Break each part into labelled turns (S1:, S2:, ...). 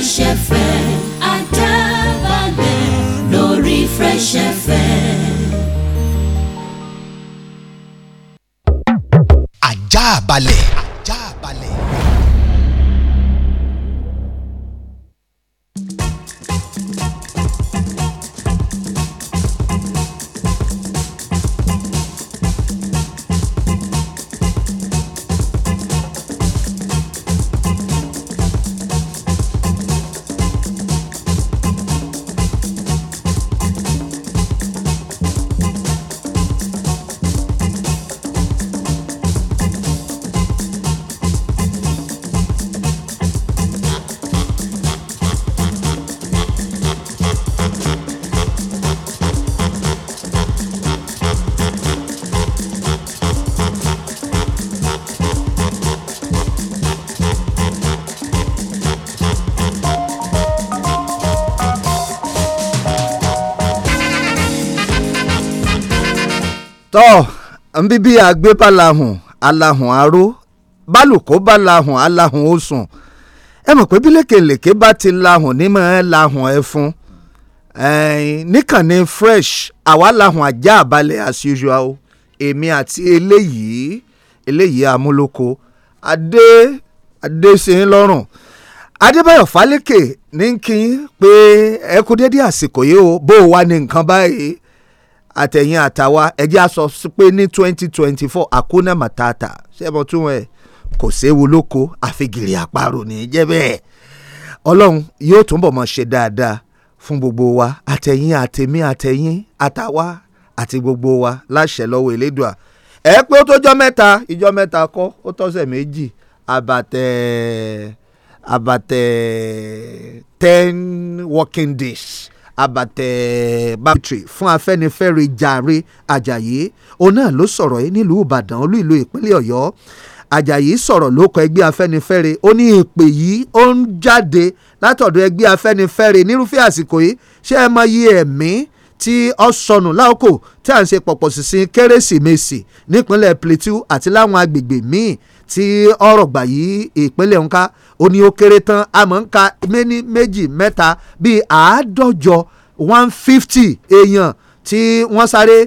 S1: Fresh FM Ajaabale lórí Fresh FM.
S2: Ajaabale.
S3: tọ́ nbíbí àgbé bàlàhùn àlàhùn aró bálùkó bàlàhùn àlàhùn òsùn ẹ mọ̀ pé bí lékelèké bá ti lahùn ní mọ̀ ẹ́ lahùn ẹ̀fun níkànnì fresh àwa lahùn ajá àbálẹ̀ as usual o èmi àti eléyìí eléyìí amúlòkó adé adé ṣe ń lọ́rùn adébáyọ̀ fálékè ní kí n pé ẹ kú dédé àsìkò yìí o bó o wà ní nǹkan báyìí àtẹ̀yìn àtàwa ẹ̀jẹ̀ á sọ pé ní twenty twenty four àkóná màtàtà ṣẹ́bọ̀ tún ẹ̀ kò séwu lóko àfigèrè àparò ní jẹ́ bẹ́ẹ̀ ọlọ́run yóò túnbọ̀ mọ̀ ṣe dáadáa fún gbogbo wa àtẹ̀yìn àtẹ̀mí àtẹ̀yìn àtàwa àti gbogbo wa láṣẹ lọ́wọ́ elédùà ẹ pé ó tó jọ́ mẹ́ta ìjọ́ mẹ́ta kọ́ ó tọ́sẹ̀ méjì àbàtẹ̀ àbàtẹ̀ ten working days àbàtẹ̀ bàtìrì fún afẹ́nifẹ́re jàre àjàyí òun náà ló sọ̀rọ̀ yìí nílùú ìbàdàn olú ìlú ìpínlẹ̀ ọ̀yọ́ àjàyí sọ̀rọ̀ ló kọ ẹgbẹ́ afẹ́nifẹ́re ó ní ìpè yìí ó ń jáde látọ̀dọ̀ ẹgbẹ́ afẹ́nifẹ́re nírúfẹ́ àsìkò yìí ṣé ẹ mọ iye ẹ̀mí tí ọ sọnù láòkò tí à ń ṣe pọ̀pọ̀ sísìn kérésìmesì nípínlẹ̀ plateau àti láwọn agbègbè míì tí ọ̀rọ̀ gbà yìí ìpínlẹ̀ ọ̀hún ká ó ní ó kéré tán a mọ̀ ń ka méní méjì mẹ́ta bíi àádọ́jọ one fifty èèyàn tí wọ́n sáré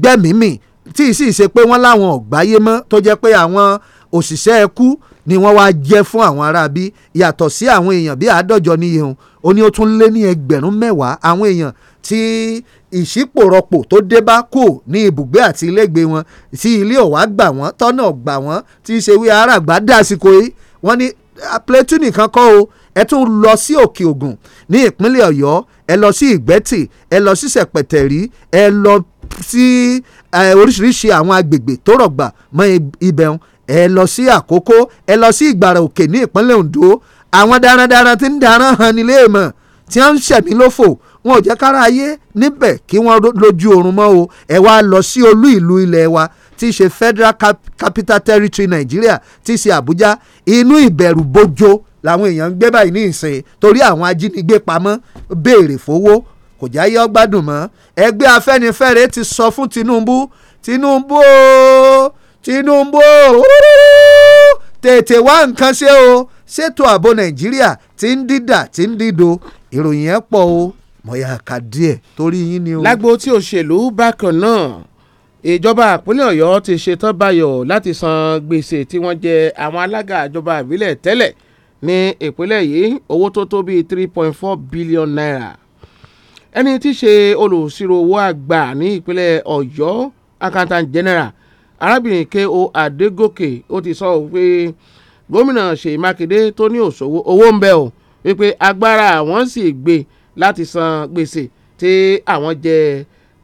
S3: gbẹ̀mímì tí ì sì ṣe pé wọ́n láwọn ọ̀gbáyé mọ́ tó jẹ́ pé àwọn òṣìṣẹ́ ẹkú ni wọ́n wá jẹ́ fún àwọn aráabí yàtọ̀ sí àwọn èèyàn bíi àádọ́jọ níye òun ó ní ó tún lé ní ẹgbẹ̀rún mẹ́wàá àwọn èèyàn tí ìṣípòrọ̀pò tó dé bá kò ní ibùgbé àti ilégbé wọn tí ilé ọ̀wá gbà wọ́n tọ́nà gbà wọ́n tí ṣe wí aráàgbà dá àsìkò yìí wọ́n ní Eh, Plateau nìkan kọ́ o ẹ tún lọ sí òkè ògùn ní ìpínlẹ̀ ọ̀yọ́ ẹ lọ sí ìgbẹ́tì ẹ lọ sí sẹ̀pẹ̀tẹ̀rí ẹ lọ sí eh, oríṣiríṣi àwọn agbègbè tó rọ̀gbà mọ́ ibẹ̀ wọn ẹ lọ sí àkókó ẹ lọ sí ìgbàrà òkè ní ìpínlẹ̀ ondo àwọn darandaran tí ń darán han nílé ìmọ̀ tí wọ́n ń ṣẹ̀mí lófò wọn ò jẹ́ kára ayé níbẹ̀ kí wọ́n lójú oorun mọ́ o ẹ wá lọ sí olú ìlú ilẹ̀ wa tí í ṣe Federal Cap Capital Territory Nàìjíríà tí í ṣe Àbújá inú ìbẹ̀rù bojo làwọn èèyàn ń gbé báyìí ní ìsìn torí àwọn ajínigbé pamọ́ béèrè fowó kò jáyé ọgbádùn mọ́ ẹgbẹ́ Afẹ́nifẹ́re ti sọ fún Tinubu Tinubu ooo Tinubu ooo tètè wá nǹkan ṣe o ṣètò ààbò Nàìjíríà ti ń dídà ti ń dído ìròyìn ẹ̀ pọ̀ o mọ̀yà kà díẹ̀ torí yín ni o. lágbo tí òṣèlú
S4: bákan náà ìjọba àpínlẹ̀ ọ̀yọ́ ti ṣetán báyọ̀ láti san gbèsè tí wọ́n jẹ àwọn alága ìjọba ìbílẹ̀ tẹ́lẹ̀ ní ìpínlẹ̀ yìí owó tó tó bíi three point four billion naira ẹni tí í ṣe olùsirò owó àgbà ní ìpínlẹ̀ ọ̀yọ́ accountant general arábìnrin K.O. Adegoke ó ti sọ pé gómìnà Ṣèyí Mákindé tó ní òṣòwò owó ń bẹ o wípé agbára àwọn sì gbé láti san gbèsè tí àwọn jẹ ẹ́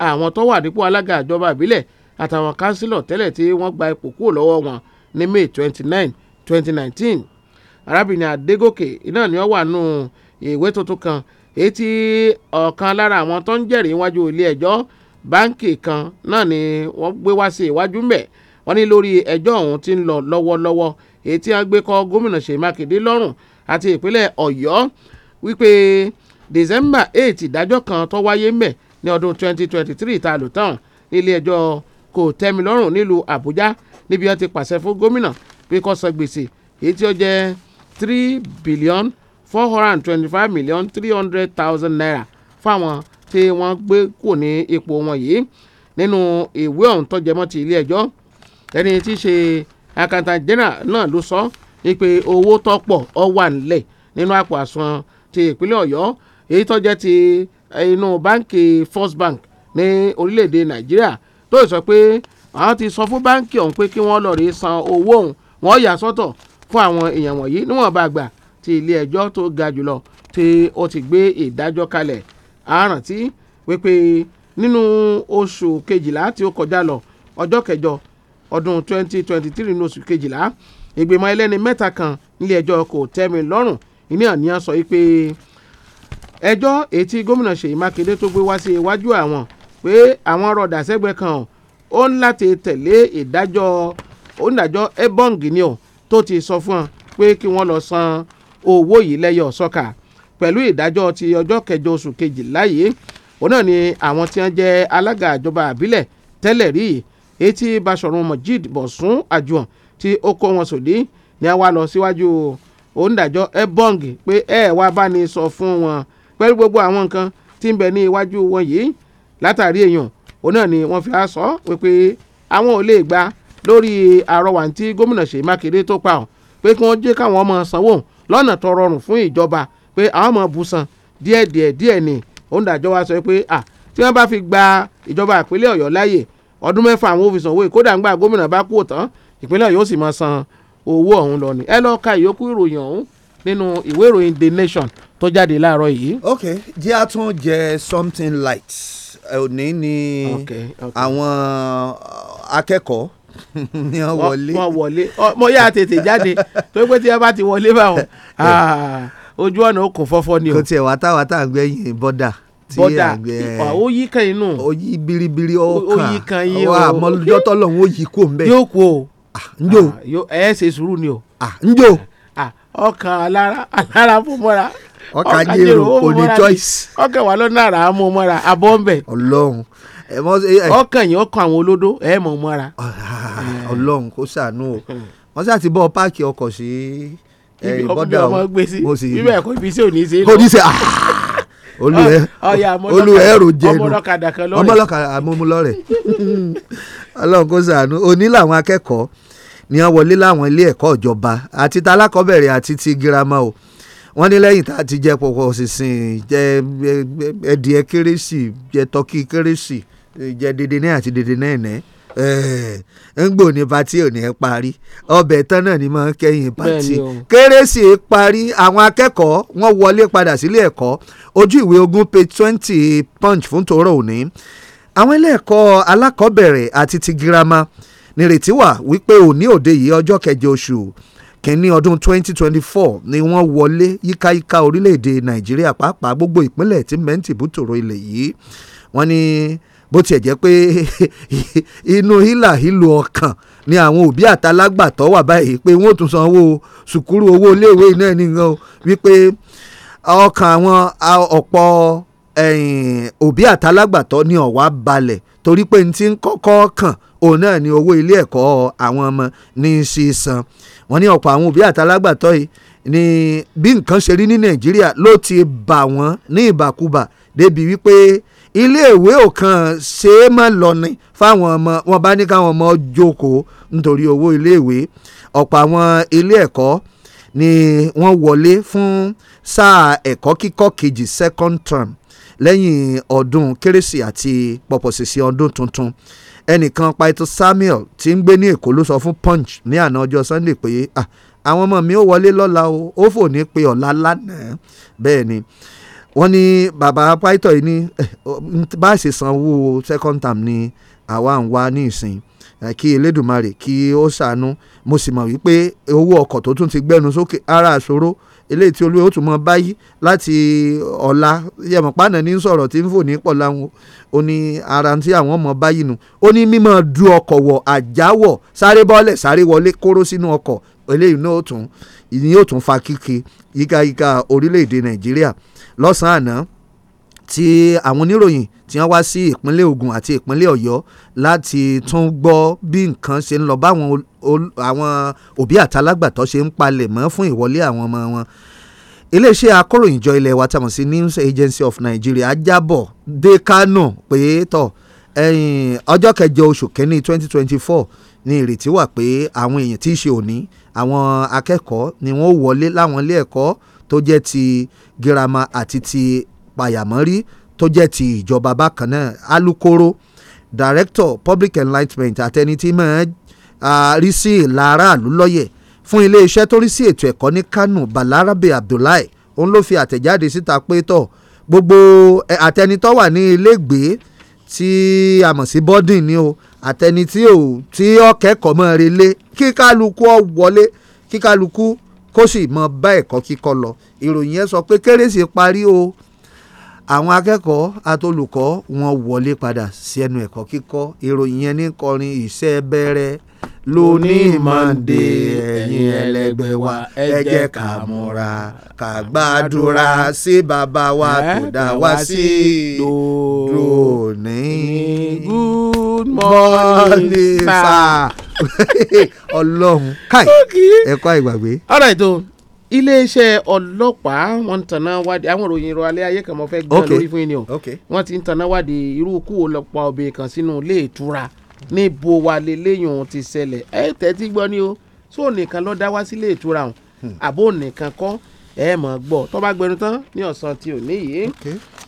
S4: àwọn tó wà nípò alága ìjọba ìbílẹ̀ àtàwọn kánsílọ̀ tẹ́lẹ̀ tí wọ́n gba ipò kúrò lọ́wọ́ wọn ní May twenty nine twenty nineteen arábìnrin Adégòkè iná ni ó wà nù ìwé tuntun kan èyí tí ọ̀kan lára àwọn tó ń jẹ́rìí iwájú ilé ẹjọ́ báǹkì kan náà ni wọ́n gbé wá sí iwájú mbẹ̀ wọ́n ní lórí ẹjọ́ ọ̀hún tí ń lọ lọ́wọ́lọ́wọ́ èyí tí wọ́n gbé kọ́ gómìnà Ṣèyí Mákindé lọ́rùn àti ìpínlẹ̀ Ọ̀yọ́ wípé December eight ìdájọ́ kan tó wáyé mbẹ̀ ní ọdún 2023 tá a lò tán nílé ẹjọ́ kò tẹ́mi lọ́rùn nílùú Àbújá níbi wọ́n ti pàṣẹ fún gómìnà pé kó gbèsè èyí tí ó jẹ́ three billion four hundred and twenty-five million three hundred thousand naira fáwọn tí wọ́n gbé kù ní ipò wọn yìí nínú ìwé ọ̀hún tó jẹmọ́ ti ilé ẹjọ́ ẹni tí í ṣe accountant general náà ló sọ pé owó tó ọ wà nílẹ̀ nínú àpò àsùnwọ̀n ti ìpínlẹ̀ Ọ̀yọ́ èyí tó jẹ́ ti Eh, inú báǹkì First Bank ní orílẹ̀-èdè Nàìjíríà tó sọ pé àwọn ti sọ fún báǹkì ọ̀hún pé kí wọ́n lọ rèé san owó ọ̀hún wọ́n yà sọ́tọ̀ fún àwọn èèyàn wọ̀nyí níwọ̀nba àgbà tí ilé ẹjọ́ tó ga jùlọ tí ó ti gbé ìdájọ́ kalẹ̀ àrántí wípé nínú oṣù kejìlá tí ó kọjá lọ ọjọ́ kẹjọ ọdún 2023 nínú oṣù kejìlá ìgbìmọ̀ ẹlẹ́ni mẹ́ta kan nílé ẹjọ́ kò tẹ́mi lọ́rùn ìníhàn ni wọ́n sọ wípé ẹjọ́ etí gómìnà Ṣèyí Mákindé tó gbé wá sí iwájú àwọn pé àwọn rọ̀dà sẹ́gbẹ́ kan ó ń láti tẹ̀lé ìdájọ́ onídàájọ́ ebong ni o tó ti sọ fún wọn pé kí wọ́n lọ san owó yìí lẹ́yọ̀ sọ́kà pẹ̀lú ìdájọ́ ti ọjọ́ kẹjọ oṣù kejìlá yìí òun náà ni àwọn tí wọ́n jẹ́ alága ìjọba àbílẹ̀ tẹ́lẹ̀ rí etí Basọ̀run Mojeed Bọ̀sún Àjùwọ̀n tí ó kó wọn sòdí ni a wá lọ síwájú onídàájọ́ ebong pé ẹ wá bá ní sọ fún wọn pẹ̀lú gbogbo àwọn nǹkan tí ń bẹ ní iwájú wọn yìí látàrí èèyàn òun náà ni wọ́n fi á sọ wípé àwọn ò lè gba lórí àrọwà tí gómìnà Ṣèyí Mákindé tó pa ọ́ pé kí wọ́n jẹ́ káwọn ọmọ sanwó lọ́nà tó rọrùn fún ìjọba pé àwọn ọmọ busan díẹ̀díẹ̀ díẹ̀ ni òǹdàjọ́ wa sọ pé à tí wọ́n bá fi gba ìjọba ìpínlẹ̀ Ọ̀yọ́ láàyè ọdún mẹ́fà àwọn òfin sanwó kódà ń gba gómìnà bá kú òtán ìpínlẹ̀ Ọ̀yọ́ sì máa san owó ọ̀hún lọ ni ẹ lọ́ọ́ ka ìyókù ìròyìn ọ̀hún nínú ìwé ìròyìn The Nation tó jáde láàárọ̀
S3: yìí. ok jẹ́ a tún jẹ something light òní ni àwọn akẹ́kọ̀ọ́ ni wọ́n wọlé. wọ́n
S4: wọlé mo yà tètè jáde tó pé tí wọ́n bá ti wọlé báwọn ah, ojú ọ̀nà ó kò fọ́fọ́ ni o. kò tiẹ̀
S3: wá táwa tá à ń gbẹ́yìn bọ́dà bọ́dà ó yí
S4: kan inú. ó yí biribiri ọkàn ó yí kan yín o wa mọ́lódọ́tọ́ lọ́hún ó yí kó ń yóò kú o. Ah, njó ah, ẹ ṣe sùúrù ni o. njó ọkàn alára alára fún mọ́ra ọkà jèrò òní choice ọkàn wà lọ́nà àrà á mú mọ́ra abọ́ ń bẹ̀. ọlọ́run ẹ mọ ẹ.
S3: ọkàn yìí ọkàn àwọn olódó ẹ mọ mọ́ra. Ah, ah, ah, ọlọ́run kó ṣàánú o wọ́n sì àti bọ́ páàkì ọkọ̀ sí bọ́dà mo sì bíbẹ̀ ẹ̀kọ́ ibi
S4: iṣẹ́ òní ṣe. kò ní ṣe
S3: olùhẹ́rò jẹnu ọmọlọ́kadà kan lọ́rẹ̀ ọmọlọ́kadà amúmúlọ́rẹ̀ ọlọ́run kó làwọn akẹ́kọ̀ọ́ ni wọ́n wọlé láwọn ilé ẹ̀kọ́ ìjọba àti ta alákọ̀ọ́bẹ̀rẹ̀ àti ti girama o wọ́n ní lẹ́yìn tá a ti jẹ pọ̀pọ̀ sísìn jẹ ẹdìẹ kérésì jẹ tọ́kì kérésì jẹ dèdè náà àti dèdè náà ẹ̀nẹ́ ngbò ní patí ò ní parí ọbẹ̀ tán náà ni máa ń kẹ́yìn patí kérésì parí àwọn akẹ́kọ̀ọ́ wọ́n wọlé padà sílé ẹ̀kọ́ ojú ìwé ogún page twenty punch fún tòró òní àwọn ilé ẹ̀kọ́ alákọ̀ọ́bẹ̀rẹ̀ àti ti girama nírètí wà wípé òní òde yìí ọjọ́ kẹjọ oṣù kínní ọdún 2024 ni wọ́n wọlé yíkáyíká orílẹ̀-èdè nàìjíríà pàápàá gbogbo ìpínlẹ̀ tí mẹ́ǹtì bùtòrò ilẹ̀ yìí wọ́n ní bó tiẹ̀ jẹ́ pé inú hílà hílò ọkàn ni àwọn òbí àtàlágbàtọ́ wà báyìí pé wọ́n ò tún sanwó sùkúrú owó iléèwé náà nìkan wípé ọkàn àwọn ọ̀pọ̀ òbí àtàlágbàtọ́ ni ọ̀wá balẹ̀ torí pé n ti ń kọ́kọ́ kàn òun náà ni owó ilé ẹ̀kọ́ àwọn ọmọ ní í ṣe san wọ́n ní ọ̀pọ̀ àwọn òbí àtàlágbàtọ́ yìí ni bí nǹkan ṣe rí ní nàìjíríà ló ti bà wọ́n ní ìbàkúbà débi wípé iléèwé ò kàn ṣe é mọ́ lọ́ni fáwọn ọmọ wọn bá ní káwọn ọmọ jókòó nítorí owó iléèwé ọ̀pọ̀ àwọn ilé ẹ̀kọ́ ni wọ́n wọlé fún sáà ẹ̀kọ́ kíkọ́ kejì second term lẹ́yìn ọdún kérésì àti pọ̀pọ̀ṣìṣì ọdún tuntun ẹnìkan paito samuel tí ń gbé ní èkó ló sọ fún punch ní àná ọjọ́ sunday pé àwọn ọmọ mi ò wọlé lọ́la o ó fò ní pé ọ̀la lánàá bẹ́ẹ̀ ni wọ́n ní bàbá paito yìí ní eh, bá a ṣe sanwó second term ni àwa ń wá ní ìsìn kí elédùnmarè kí ó ṣàánú mo sì mọ̀ wípé owó ọkọ̀ tó tún ti gbẹ́nu sókè ara àṣòro eléyìí tí olúwe ó tún mọ báyìí láti ọ̀la yẹmọ̀ pàánà ní sọ̀rọ̀ tí ń fò ní pọ̀ láwọn ó ní ara tí àwọn ọmọ báyìí nù ó ní mímọ́ du ọkọ̀ wọ̀ àjáwọ̀ sáré bọ́lẹ̀ sáré wọlé kóró sínú ọkọ̀ eléyìí náà ó tún ìyẹn fa kíkì yíkáyíká orílẹ̀-èdè nàìjíríà lọ́sàn-án àná tí àwọn oníròyìn tí wọ́n wá sí ìpínlẹ̀ Ògùn àti ìpínlẹ̀ Ọ̀yọ́ láti tún gbọ́ bí nǹkan ṣe ń lọ báwọn àwọn òbí àtàlágbàtọ́ ṣe ń palẹ̀ mọ́ fún ìwọlé àwọn ọmọ wọn iléeṣẹ́ akọ̀ròyìnjọ ilẹ̀ wa tàmọ̀ sí News Agency of Nigeria jábọ̀ dé Kánò pé tọ̀ ọjọ́ kẹjọ oṣù kínní twenty twenty four ní ìrètí wà pé àwọn èèyàn tí í ṣe òní àwọn akẹ́kọ̀ọ́ ni wọ́n wọlé láwọn ilé ẹ̀kọ́ tó jẹ́ ti girama àti ti pàyàmọ́rí tó jẹ́ ti ìjọba bákan náà alukoro director public enlightenment àtẹni tí máa rí sí ìlàráàlú lọ́yẹ̀ fún iléeṣẹ́ tó rí sí ètò ẹ̀kọ́ ní Kano Balarabe Abdullahi òun ló fi àtẹ̀jáde síta pé tọ̀ gbogbo àtẹni wà ní ilégbèé tí a mọ̀ sí bọ́dìn ni o àtẹni tí ò tí ọ̀kẹ́kọ̀ọ́ mọ́ relé kíkálukú ó wọlé kíkálukú kó sì mọ bá ẹ̀kọ́ kíkọ́ lọ ìròyìn yẹn sọ pé kérésì parí o àwọn akẹ́kọ̀ọ́ àtolùkọ́ wọn wọlé padà sí ẹnu ẹ̀kọ́ kíkọ́ ìròyìn yẹn ní kọrin ìṣẹ́ bẹ̀rẹ̀ lóní mọ̀ndé ẹ̀yin ẹlẹgbẹ́ wa ẹ jẹ́ ká múra ká gbàdúrà sí bàbá wa tó dá wa sí lóní. good morning sir ọlọ́run káì ẹ̀kọ́ ìgbàgbé.
S4: ọ̀rọ̀ ètò iléeṣẹ́ ọlọ́pàá wọn ń tanná wádìí àwọn ìròyìn ìrọ̀ alẹ́ ayé kan mo fẹ́ gbọ́n lórí fún yín ni o wọ́n ti ń tanná wádìí irú kú ọlọ́pàá obìnrin kan sínú ilé ìtura níbo wà lélẹ́yìn ti ṣẹlẹ̀ ẹ tẹ́tí gbọ́ ni o tí ò nìkan lọ dá wá sílé ìtura òun hmm. àbó nìkan kọ́ ẹ mọ̀ gbọ́ tó bá gbẹnu tán ní ọ̀sán tí ò níyì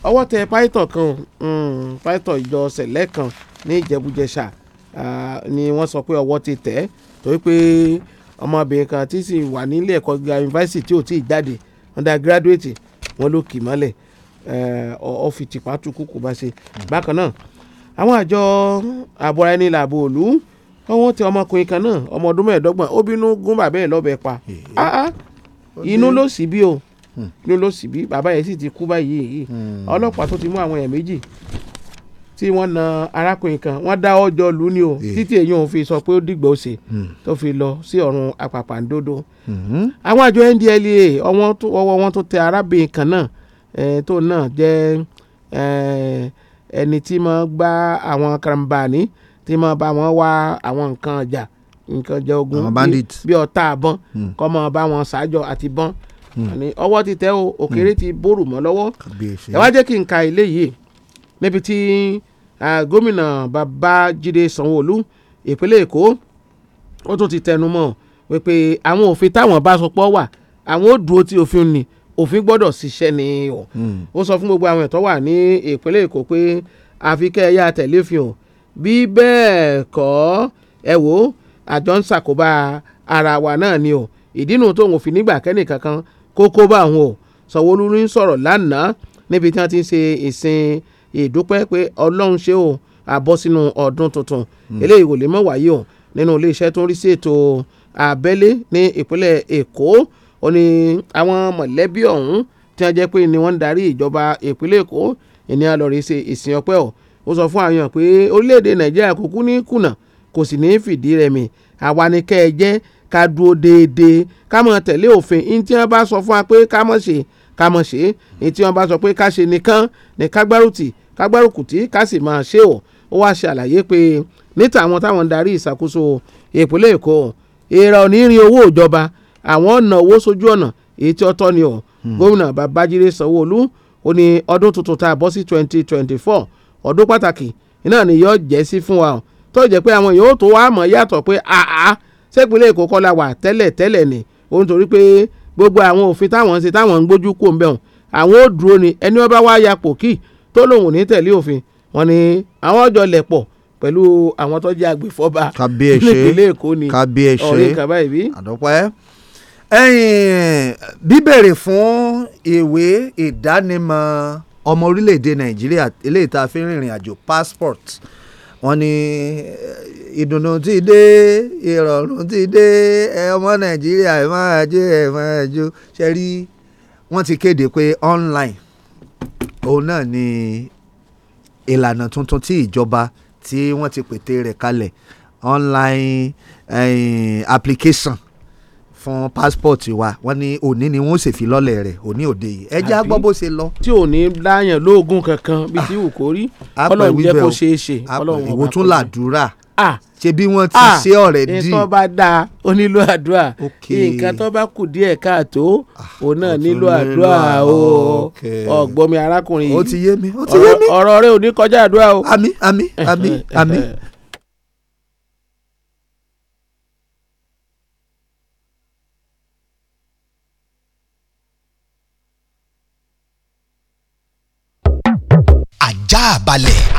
S4: ọwọ́ tẹ pàìtọ̀ kan hmm, pàìtọ̀ ìjọ sẹ̀lẹ̀ kan ní ìjẹ̀bú ah, ni wọ́n sọ pé ọwọ́ ti tẹ̀ torí pé ọmọbìnrin kan tí sì wà nílé ẹ̀kọ́ gíga yunifásitì tí ò tí ì jáde undergraduate wọn ló kì mọ́lẹ̀ ó fi tìpá tukú kò bá ṣe bákan náà àwọn àjọ àbúra ẹni làbò òlú wọ́n tẹ ọmọkùnrin kan náà ọmọ ọdún mẹ́ẹ̀ẹ́dọ́gbọ̀n ó bínú gún bàbá ẹ̀ lọ́bẹ pa ah, ah, inú ló sì bí o hmm. inú ló sì bí bàbá yẹn sì ti kú báyìí hmm. ọlọ́pàá tó ti mú àwọn èèyàn méjì tí wọ́n na arákùnrin kan wọ́n dá ọjọ́ lù ní o eh. títí èyí òun fi sọ pé ó dìgbò ṣe hmm. tó fi lọ sí ọ̀run àpàpàǹdodo. Hmm. àwọn àjọ NDLEA ọwọ́ wọn tó tẹ arábìnrin kan náà tó náà jẹ́ ẹni tí mo gbá àwọn karambani tí mo bá wọn wá àwọn nǹkan ọjà nǹkan jẹ ogun bí ọ̀tá àbọn hmm. kọ́ mọ bá wọn ṣáájọ àti bọ́n ọwọ́ ti tẹ o òkèrè ti bórù mọ́ lọ́wọ́ ẹ wá jẹ́ kí n ka eléyìí níbi tí gómìnà babájídé sanwóolu ìpínlẹ̀ èkó ó tún ti tẹnu mọ́ wípé àwọn òfin táwọn bá sọ pọ̀ wà àwọn ò dúró tí òfin ni òfin gbọ́dọ̀ ṣiṣẹ́ ni ọ̀ hmm. ó sọ fún gbogbo àwọn ẹ̀tọ́ wà ní ìpínlẹ̀ èkó pé àfi kẹ́ ẹ yá tẹ̀lé fi hàn bí bẹ́ẹ̀ kọ́ ẹ wò ó àjọ ń ṣàkóbá ara wa náà ni o ìdínú tó òun fi nígbà kẹ́nì kankan kó bá òun o Sanwó-Olú ń sọ̀rọ̀ lánàá níbi tí wọ́n ti ń ṣe ìsìn ìdúpẹ́ pé ọlọ́run ṣe o àbọ̀ sínú ọdún tuntun hmm. eléyìí kò lè mọ̀ wáyé o nínú iléeṣẹ́ tó ń rí sí ètò àbẹ́lé ní ìpínlẹ̀ èkó ó ní àwọn mọ̀lẹ́bí ọ̀hún tí wọ́n jẹ́ pé ni wọ́n ń darí ìjọba ìpínlẹ̀ èkó ènìyàn lọ rí ṣe ìsìn ọpẹ́ o ó sọ fún àwọn pé orílẹ̀-èdè nàìjíríà kò kú ní kùnà kò sì ní fìdí rẹmi àwa ni kẹ́ ẹ jẹ́ ká dúró déédéé ká mọ̀ tẹ̀lé òfin ní bá sọ fún wa pé ká mọ̀ ṣe ká mọ̀ ṣe ní tí wọ́n bá sọ pé ká ṣe nìkan ní kágbárùtì kágbárùkùtì ká sì máa ṣe ò ó wá ṣàlàyé pé níta àwọn táwọn ń darí ìṣàkóso ìpínlẹ̀ èkó èrò onírin owó ìjọba àwọn ọ̀nà owó sójú ọ̀nà èyí tí ó tọ́ ni ọ̀ hmm. gómìnà babájídé sanwó ó ní ọdún tuntun tá a bọ́ sí twenty twenty four ọdún pàtàkì náà ni yóò jẹ́ sí fún wa tó jẹ́ pé àwọn yòó tó wá mọ̀ yàtọ̀ pé àá sẹ́pìnlẹ̀ èkó kọ́ la wà tẹ́lẹ̀ tẹ́lẹ̀ ni ó ń torí pé gbogbo àwọn òfin táwọn ń ṣe táwọn ń gbójú kó ń bẹ̀ hàn àwọn ò dúró ni ẹni wọ́n bá wá ya pò kí tó lòun ní tẹ̀lé òfin wọn ni àwọn ọjọ́ lẹ̀ pọ̀
S3: pẹ̀lú àwọn tó jẹ́ agbèfọ́ba nípínlẹ̀ Èkó ni ọ̀rẹ́ kaba ìbí. àdọ́pẹ́ ẹ̀yìn bíbèrè fún ìwé ìdánimọ̀ ọmọ orílẹ̀-èdè Nàìjíríà eléyìí tá a fi rìnrìn àjò passport wọ́n ní ìdùnnú ti dé ìrọ̀rùn ti dé ẹ ọmọ nàìjíríà ẹ máa jó ẹ máa jó ṣe rí wọ́n ti kéde pé online òun náà ni ìlànà tuntun tí ìjọba tí wọ́n ti pète rẹ̀ kalẹ̀ online eh, application fún passport wa wọ́n ní òní ni wọ́n ṣèfi lọ́lẹ̀ rẹ̀ òní òde yìí ẹjẹ́ á gbọ́ bó ṣe lọ.
S4: tí ò ní láyàn lóògùn kankan bíi tí ah, wù kó rí ọlọ́run jẹ́ kó ṣeé ṣe ọlọ́run ọba kò tún làdúrà ṣe bí wọ́n ti ṣe ọ̀rẹ́ dì. nǹkan tó bá dáa ó nílò àdúrà nǹkan tó bá kù díẹ̀ káàtó ah, òun náà nílò àdúrà o ọ̀gbọ́n mi arákùnrin yìí ó ti yé mi ó ti yé mi ọ̀rọ̀ rẹ ò ní kọjá àdúrà o. àmín àmín àmín àmín
S2: ajá balẹ̀.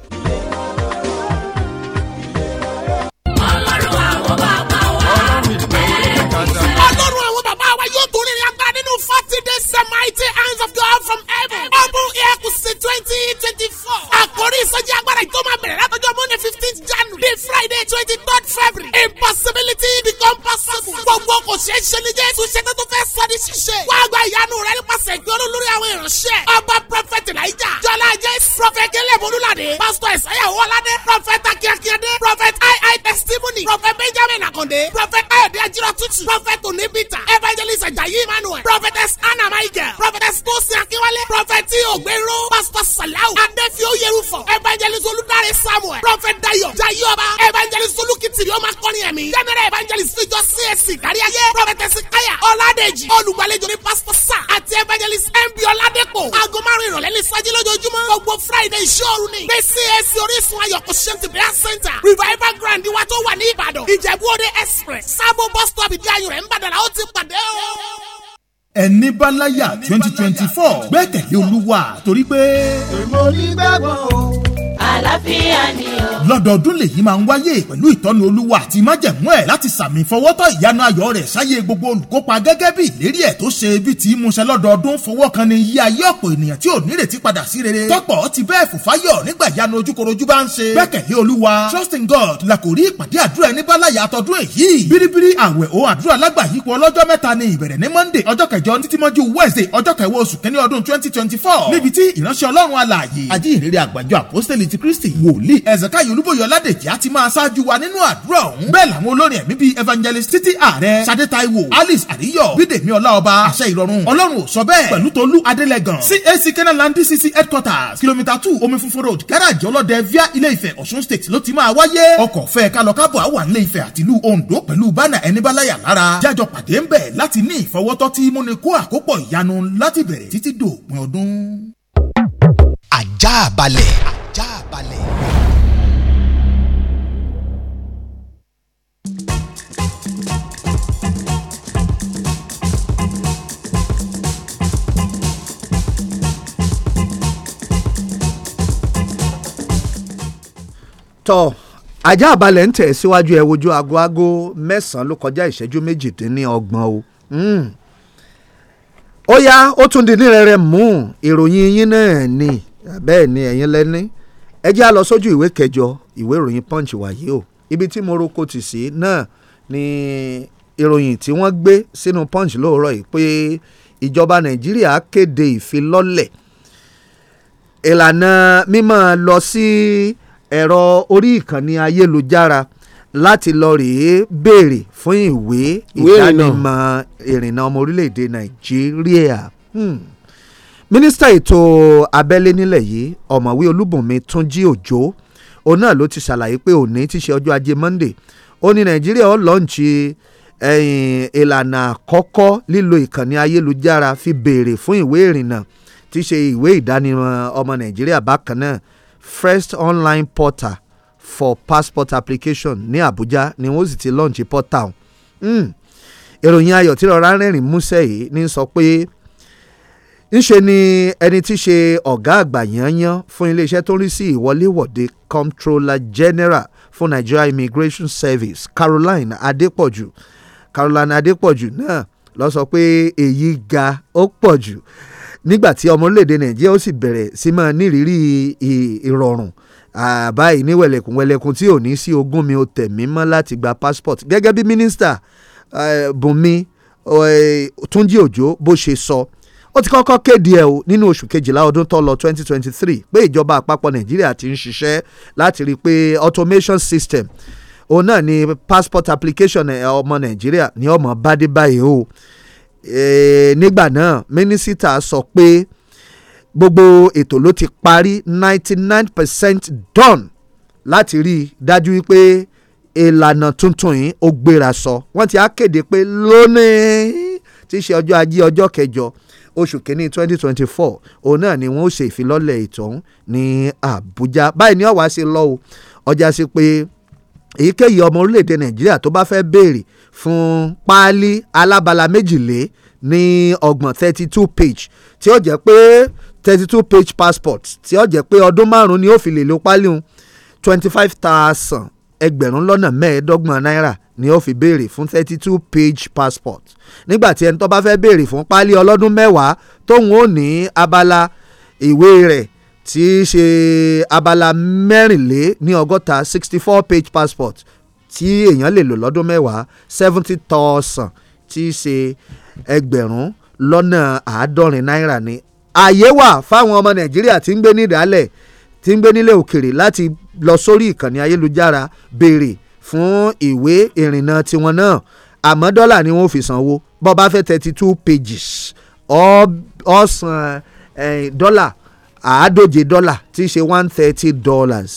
S5: ìwòsàn jẹ́ agbára ìtọ́ máa bẹ̀rẹ̀ friday twenty third february impossibility become possible gbogbo kò ṣeé ṣe ní jésù ṣe tó tó fẹ́ sọ ní ṣíṣe wá gba ìyanu rẹ nípasẹ̀ ìgbọ́nú lórí àwọn ìránṣẹ́ ọba prophet elijah jọlá jésù prophet kẹlẹ́bù olúladé pastor isaiah wọládé prophet akíakíadé prophet ii testimony prophet benjamin akande prophet ayọ̀dé ajírọ̀tutù prophet onibita evangelist ajayi emmanuel prophetess anna michael prophetess tosin akínwálé prophet tí ògbéró pastor salau adéfioyerufọ evangelist olùdarí samuel prophet dayo jayi ọba evangelist olùkìtìrì ọmọ akọrin ẹ̀mí general evangelist ìjọ csc káríayé prophetess kaya ọ̀làdẹ̀jì olùgbàlejò ní pastor sa àti evangelist mb ọ̀làdẹ̀kọ̀ aago márùn ìrọ̀lẹ́ ní sájí lójoojúmọ́ gbogbo friday ìṣòro ni ní csc orísun ayọ̀kọ̀ ṣẹ́ntì prayer center revival grand wa tó wà ní ìbàdàn ìjẹ̀bú òde express sábò bus stop ìdí ayùn rẹ̀ ń bàdàn ó ti pàdé o.
S6: ẹni bá láyà twenty twenty four gbẹ́kẹ̀lé olúwa torí pé. èmo ní
S1: gbàgbọ́ o àlàáfíà ni o.
S6: lọ́dọọdún lèyí máa ń wáyé pẹ̀lú ìtọ́ni olúwa àti májẹ̀mú ẹ̀ láti sàmì fọwọ́tọ̀ ìyanu ayọ̀ rẹ̀ sáyé gbogbo olùkópa gẹ́gẹ́ bí ìlérí ẹ̀ tó ṣe bí ti múṣẹ lọ́dọọdún fọwọ́ kan ni yí ayé ọ̀pọ̀ ènìyàn tí ò nírètí padà sí rere tọ́pọ̀ ti bẹ́ẹ̀ fòfáyọ̀ nígbà ìyanu ojúkorojú bá ń ṣe gbẹ́kẹ̀lé olúwa trust in God la kò rí ìpàdé àdúrà ẹni bá láyà àtọ́dún èyí bíríbírí àwẹ̀ o àdúrà lágbàáyípo ọlọ́jọ́ mẹ́ta ni ìbẹ̀rẹ̀ ní Monday ọjọ́ kẹjọ títí mọ́jú Wednesday ọjọ́ kẹwàá oṣù kẹ́ni ọdún twenty twenty four níbi tí ìránṣẹ́ ọlọ́run alààyè àjíhìnrere àgbàjọ àpọ́stẹ́lì ti kristi wòlíì ẹ̀sẹ̀káyọ̀ olúbọ̀yọ̀ ládèjì á ti máa ṣáájú wa nínú àdúrà ọ̀hún bẹ́ẹ̀ làwọn olórin ẹ̀mí bíi evangelist títí ààrẹ sadé taiwo alice àríyọ̀ bídèmí ọláọba àṣẹ ìrọ̀rùn ọlọ́run ò sọ bẹ́ẹ̀ pẹ̀lú tolú adélẹ́gàn cac kenaland dcc headquarters kilomita two omi funfun road garage ọlọ́dẹ via ilé ìfẹ́ ọ̀ṣun state ló ti máa wáyé ọkọ̀ fẹ́ kálọ̀kábọ̀ àwọn ilé ìfẹ́ àtìlú ondo pẹ̀lú bánà ẹnibáláyà lára jájọ pàdé ń bẹ̀ láti ní ìfọwọ́tọ́ tí múni kó àkópọ̀ ìyanu láti bẹ̀rẹ̀ títí dòpin ọdún. Ajabale. balẹ̀. ajá balẹ̀.
S3: tọ́ ajá balẹ̀ ń tẹ̀ síwájú ẹ wojú aago aago mẹ́sàn-án ló kọjá ìṣẹ́jú méjìdínlọ́gbọ̀n o hmm. ó yá ó tún di ní rẹ̀rẹ̀ mú ìròyìn yín náà ni bẹ́ẹ̀ ni ẹ̀yin lẹ́ni ẹ jẹ́ á lọ sójú ìwé kẹjọ ìwé ìròyìn punch wàyí o ibi tí mo roko tì sí náà ni ìròyìn tí wọ́n gbé sínú punch lóòrọ̀ yìí pé ìjọba nàìjíríà kéde ìfilọ́lẹ̀ ìlànà mímọ́ lọ sí ẹ̀rọ orí ìkànnì ayélujára láti lọ rèé béèrè fún ìwé ìdánimọ̀ ìrìnnà ọmọ orílẹ̀-èdè nàìjíríà. Hmm mínísítà ètò abẹ́lé nílẹ̀ yìí ọ̀mọ̀wé olúbùnmi túnjí òjó òun náà ló ti ṣàlàyé pé òní ti ṣe ọjọ́ ajé monday ó ní nàìjíríà ó lọ́ǹchì ìlànà àkọ́kọ́ lílo ìkànnì ayélujára fi béèrè fún ìwé ìrìnnà tí ṣe ìwé ìdánimọ̀ ọmọ nàìjíríà bákan náà first online portal for passport application ní àbújá ni wọ́n sì ti lọ́ǹchì portal hmm. ìròyìn ayọ̀ tí rọra rẹ́rìn músẹ́ yìí ní sọ pé ńṣe ni ẹni tí í ṣe ọ̀gá àgbà yányán fún iléeṣẹ́ tó ń rí sí ìwọléwọ̀de comptroller general fún Nigeria Immigration Service Caroline Adepoju Caroline Adepoju náà lọ sọ pé èyí ga ó pọ̀ jù nígbà tí ọmọ orílẹ̀-èdè Nàìjíríà ó sì bẹ̀rẹ̀ sí máa nírìírí ìrọ̀rùn àbá yìí wẹ̀lẹ̀kùn tí ò ní sí ogún mi ò tẹ̀mí mọ́ láti gba passport gẹ́gẹ́ bí mínísítà Bùnmi Túnjí Òjó bó ṣe sọ. So ó ti kọ́kọ́ kéde ẹ̀ o nínú oṣù kejìlá ọdún tó lọ 2023 pé ìjọba àpapọ̀ nàìjíríà ti ń ṣiṣẹ́ láti rí i pé automation system òun náà ni passport application ọmọ nàìjíríà ní ọmọ bádé báyìí o nígbà náà mínísítà sọ pé gbogbo ètò ló ti parí ninety nine percent done láti rí i dájú wípé ìlànà tuntun yìí ó gbéra sọ wọ́n ti á kéde pé lónìí tí í ṣe ọjọ́ ajé ọjọ́ kẹjọ oṣù kínní twenty twenty four òun náà ni wọ́n ṣe ìfilọ́lẹ̀ ìtọ́hún ní Àbújá báyìí ni ọ̀wá ṣe lọ́wọ́ ọjà sí pé èyíkéyìí ọmọ orílẹ̀-èdè Nàìjíríà tó bá fẹ́ béèrè fún páálí alábala méjìlé ní ọgbọ̀n thirty two page tí ó jẹ́ pé thirty two page passport tí ó jẹ́ pé ọdún márùn-ún ni ó fi lè lo páálí un twenty five thousand ẹgbẹ̀rún lọ́nà mẹ́ẹ̀ẹ́dọ́gbọ̀n náírà ni ó fi béèrè fún thirty two page passport nígbà tí ẹni tó bá fẹ́ béèrè fún páálí ọlọ́dún mẹ́wàá tóun ó ní abala ìwé rẹ̀ tí í ṣe abala mẹ́rìnlé ní ọgọ́ta sixty four page passport tí èèyàn lè lò lọ́dún mẹ́wàá seventy thousand tí í ṣe ẹgbẹ̀rún lọ́nà àádọ́rin náírà ni ààyè wà fáwọn ọmọ nàìjíríà tí ń gbé ní ìdálẹ̀ tí ń gbé nílẹ̀ òkèrè láti lọ sórí ìkànnì ayélujára béèrè fún ìwé ìrìnnà tiwọn náà àmọ́ dọ́là ni wọ́n fi sanwó bó bá fẹ́ thirty two pages ó san eh, dọ́là àádóje dọ́là tí í ṣe one thirty dollars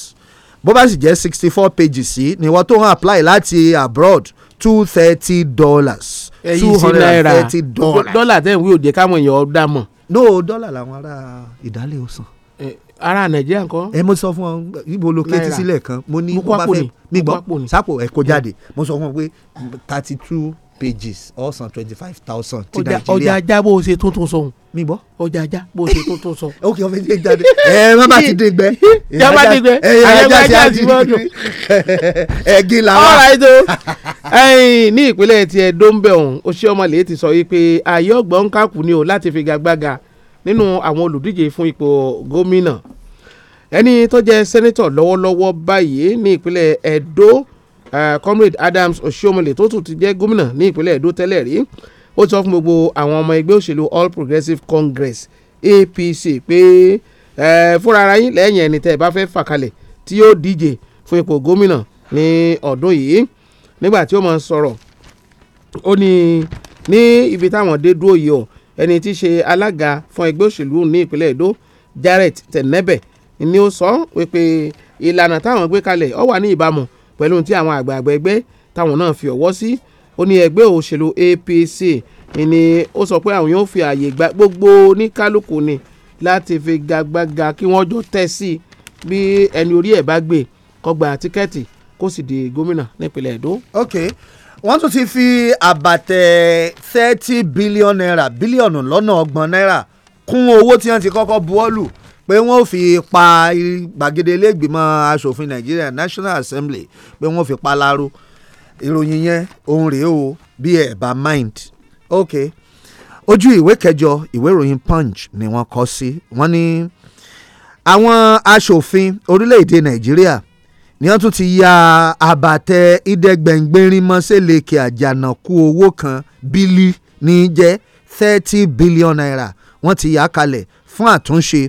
S3: bó bá sì jẹ́ sixty four pages sí ni wọ́n tó hàn apply láti abroad two thirty dollars two hundred and thirty dollars. dọ́là tẹ̀
S4: ń wí òde káwọn èèyàn ọ̀dà mọ̀. no dọ́là
S3: làwọn ará ìdálé ó
S4: ara nàìjíríà ńkọ́. ẹ
S3: mo sọ fún ọ ibo lo kéétì kan mo ní mo bá fẹ́ mi gbọ́ sápò kó jáde mo sọ fún ọ pé thirty two pages ọ̀sán twenty five thousand ti nàìjíríà. ọjà ajá bó o ṣe tuntun sọ̀hún. mi bọ́. ọjà ajá bó o ṣe tuntun sọ. ok ọmọ ìdílé jáde ẹ má bá ti dé gbẹ. ìyá bá ti gbẹ ayẹyẹ ajá ti mọ dùn. ẹgin la wa. ọ̀rọ̀
S4: ẹ̀dọ́ ní ìpínlẹ̀ ti ẹ̀dó ọ̀hún oṣù ọmọlẹ̀ ti sọ yìí ayé ọ̀gbọ́n ń ni o láti fi gagbága nínú àwọn olùdíje fún ipò gómìnà ẹni tó jẹ́ sẹ́nẹ́tọ̀ lọ́wọ́lọ́wọ́ báyìí ní ìpínlẹ̀ Edo, Comrade Adams Oshiomhole tó tún ti jẹ́ gómìnà ní ìpínlẹ̀ Ẹdó tẹ́lẹ̀ rí ó sọ fún gbogbo àwọn ọmọ ẹgbẹ́ òṣèlú All Progressive Congress APC pé fúnra ara yín lẹ́yìn ẹni tẹ́ ẹ bá fẹ́ fà kalẹ̀ tí yóò díje fún ipò gómìnà ní ọdún yìí nígbà tí ó máa sọ̀rọ̀ ó ní ní ibi táwọn dé dúró yìí ọ ẹni tí í ṣe alága fún ẹgbẹ́ òṣèlú ní ìpínlẹ̀ Ẹdó Jarrett Tenebe ni ó sọ wípé ìlànà táwọn gbé kalẹ̀ ó wà ní ìbámu pẹ̀lú ti àwọn àgbààgbà ẹgbẹ́ táwọn náà fi ọwọ́ sí ó ní ẹgbẹ́ òṣèlú APC ni ó sọ pé àwọn yóò fi àyè gba gbogbo oníkálukú ni láti fi gagbága kí wọ́n jọ tẹ̀ sí i bí ẹni orí ẹ̀ bá gbé kó tíkẹ́ẹ̀tì kó sì di gómìnà nípínlẹ̀ Èdó.
S3: ok wọ́n tún ti fi àbàtẹ̀ thirty billion naira bílíọ̀nù lọ́nà ọgbọ̀n naira. kún owó tí wọ́n ti kọ́kọ́ buwọ́ lù pé wọ́n fi pa gbàgede iléègbìmọ̀ asòfin Nigeria National Assembly pé wọ́n fi pa láró ìròyìn yẹn òun rèé o bí ẹ bá mind ok ojú ìwé kẹjọ ìwé ìròyìn Punch ni wọ́n kọ sí wọ́n ní àwọn asòfin orílẹ̀-èdè Nàìjíríà ni wọ́n tún ti ya àbàtẹ ìdẹ́gbẹ̀ngbẹ̀rin mọ́sẹ̀lẹ̀kẹ̀ àjànàkú owó kan bílí ní jẹ́ thirty billion naira wọ́n ti yà á kalẹ̀ fún àtúnṣe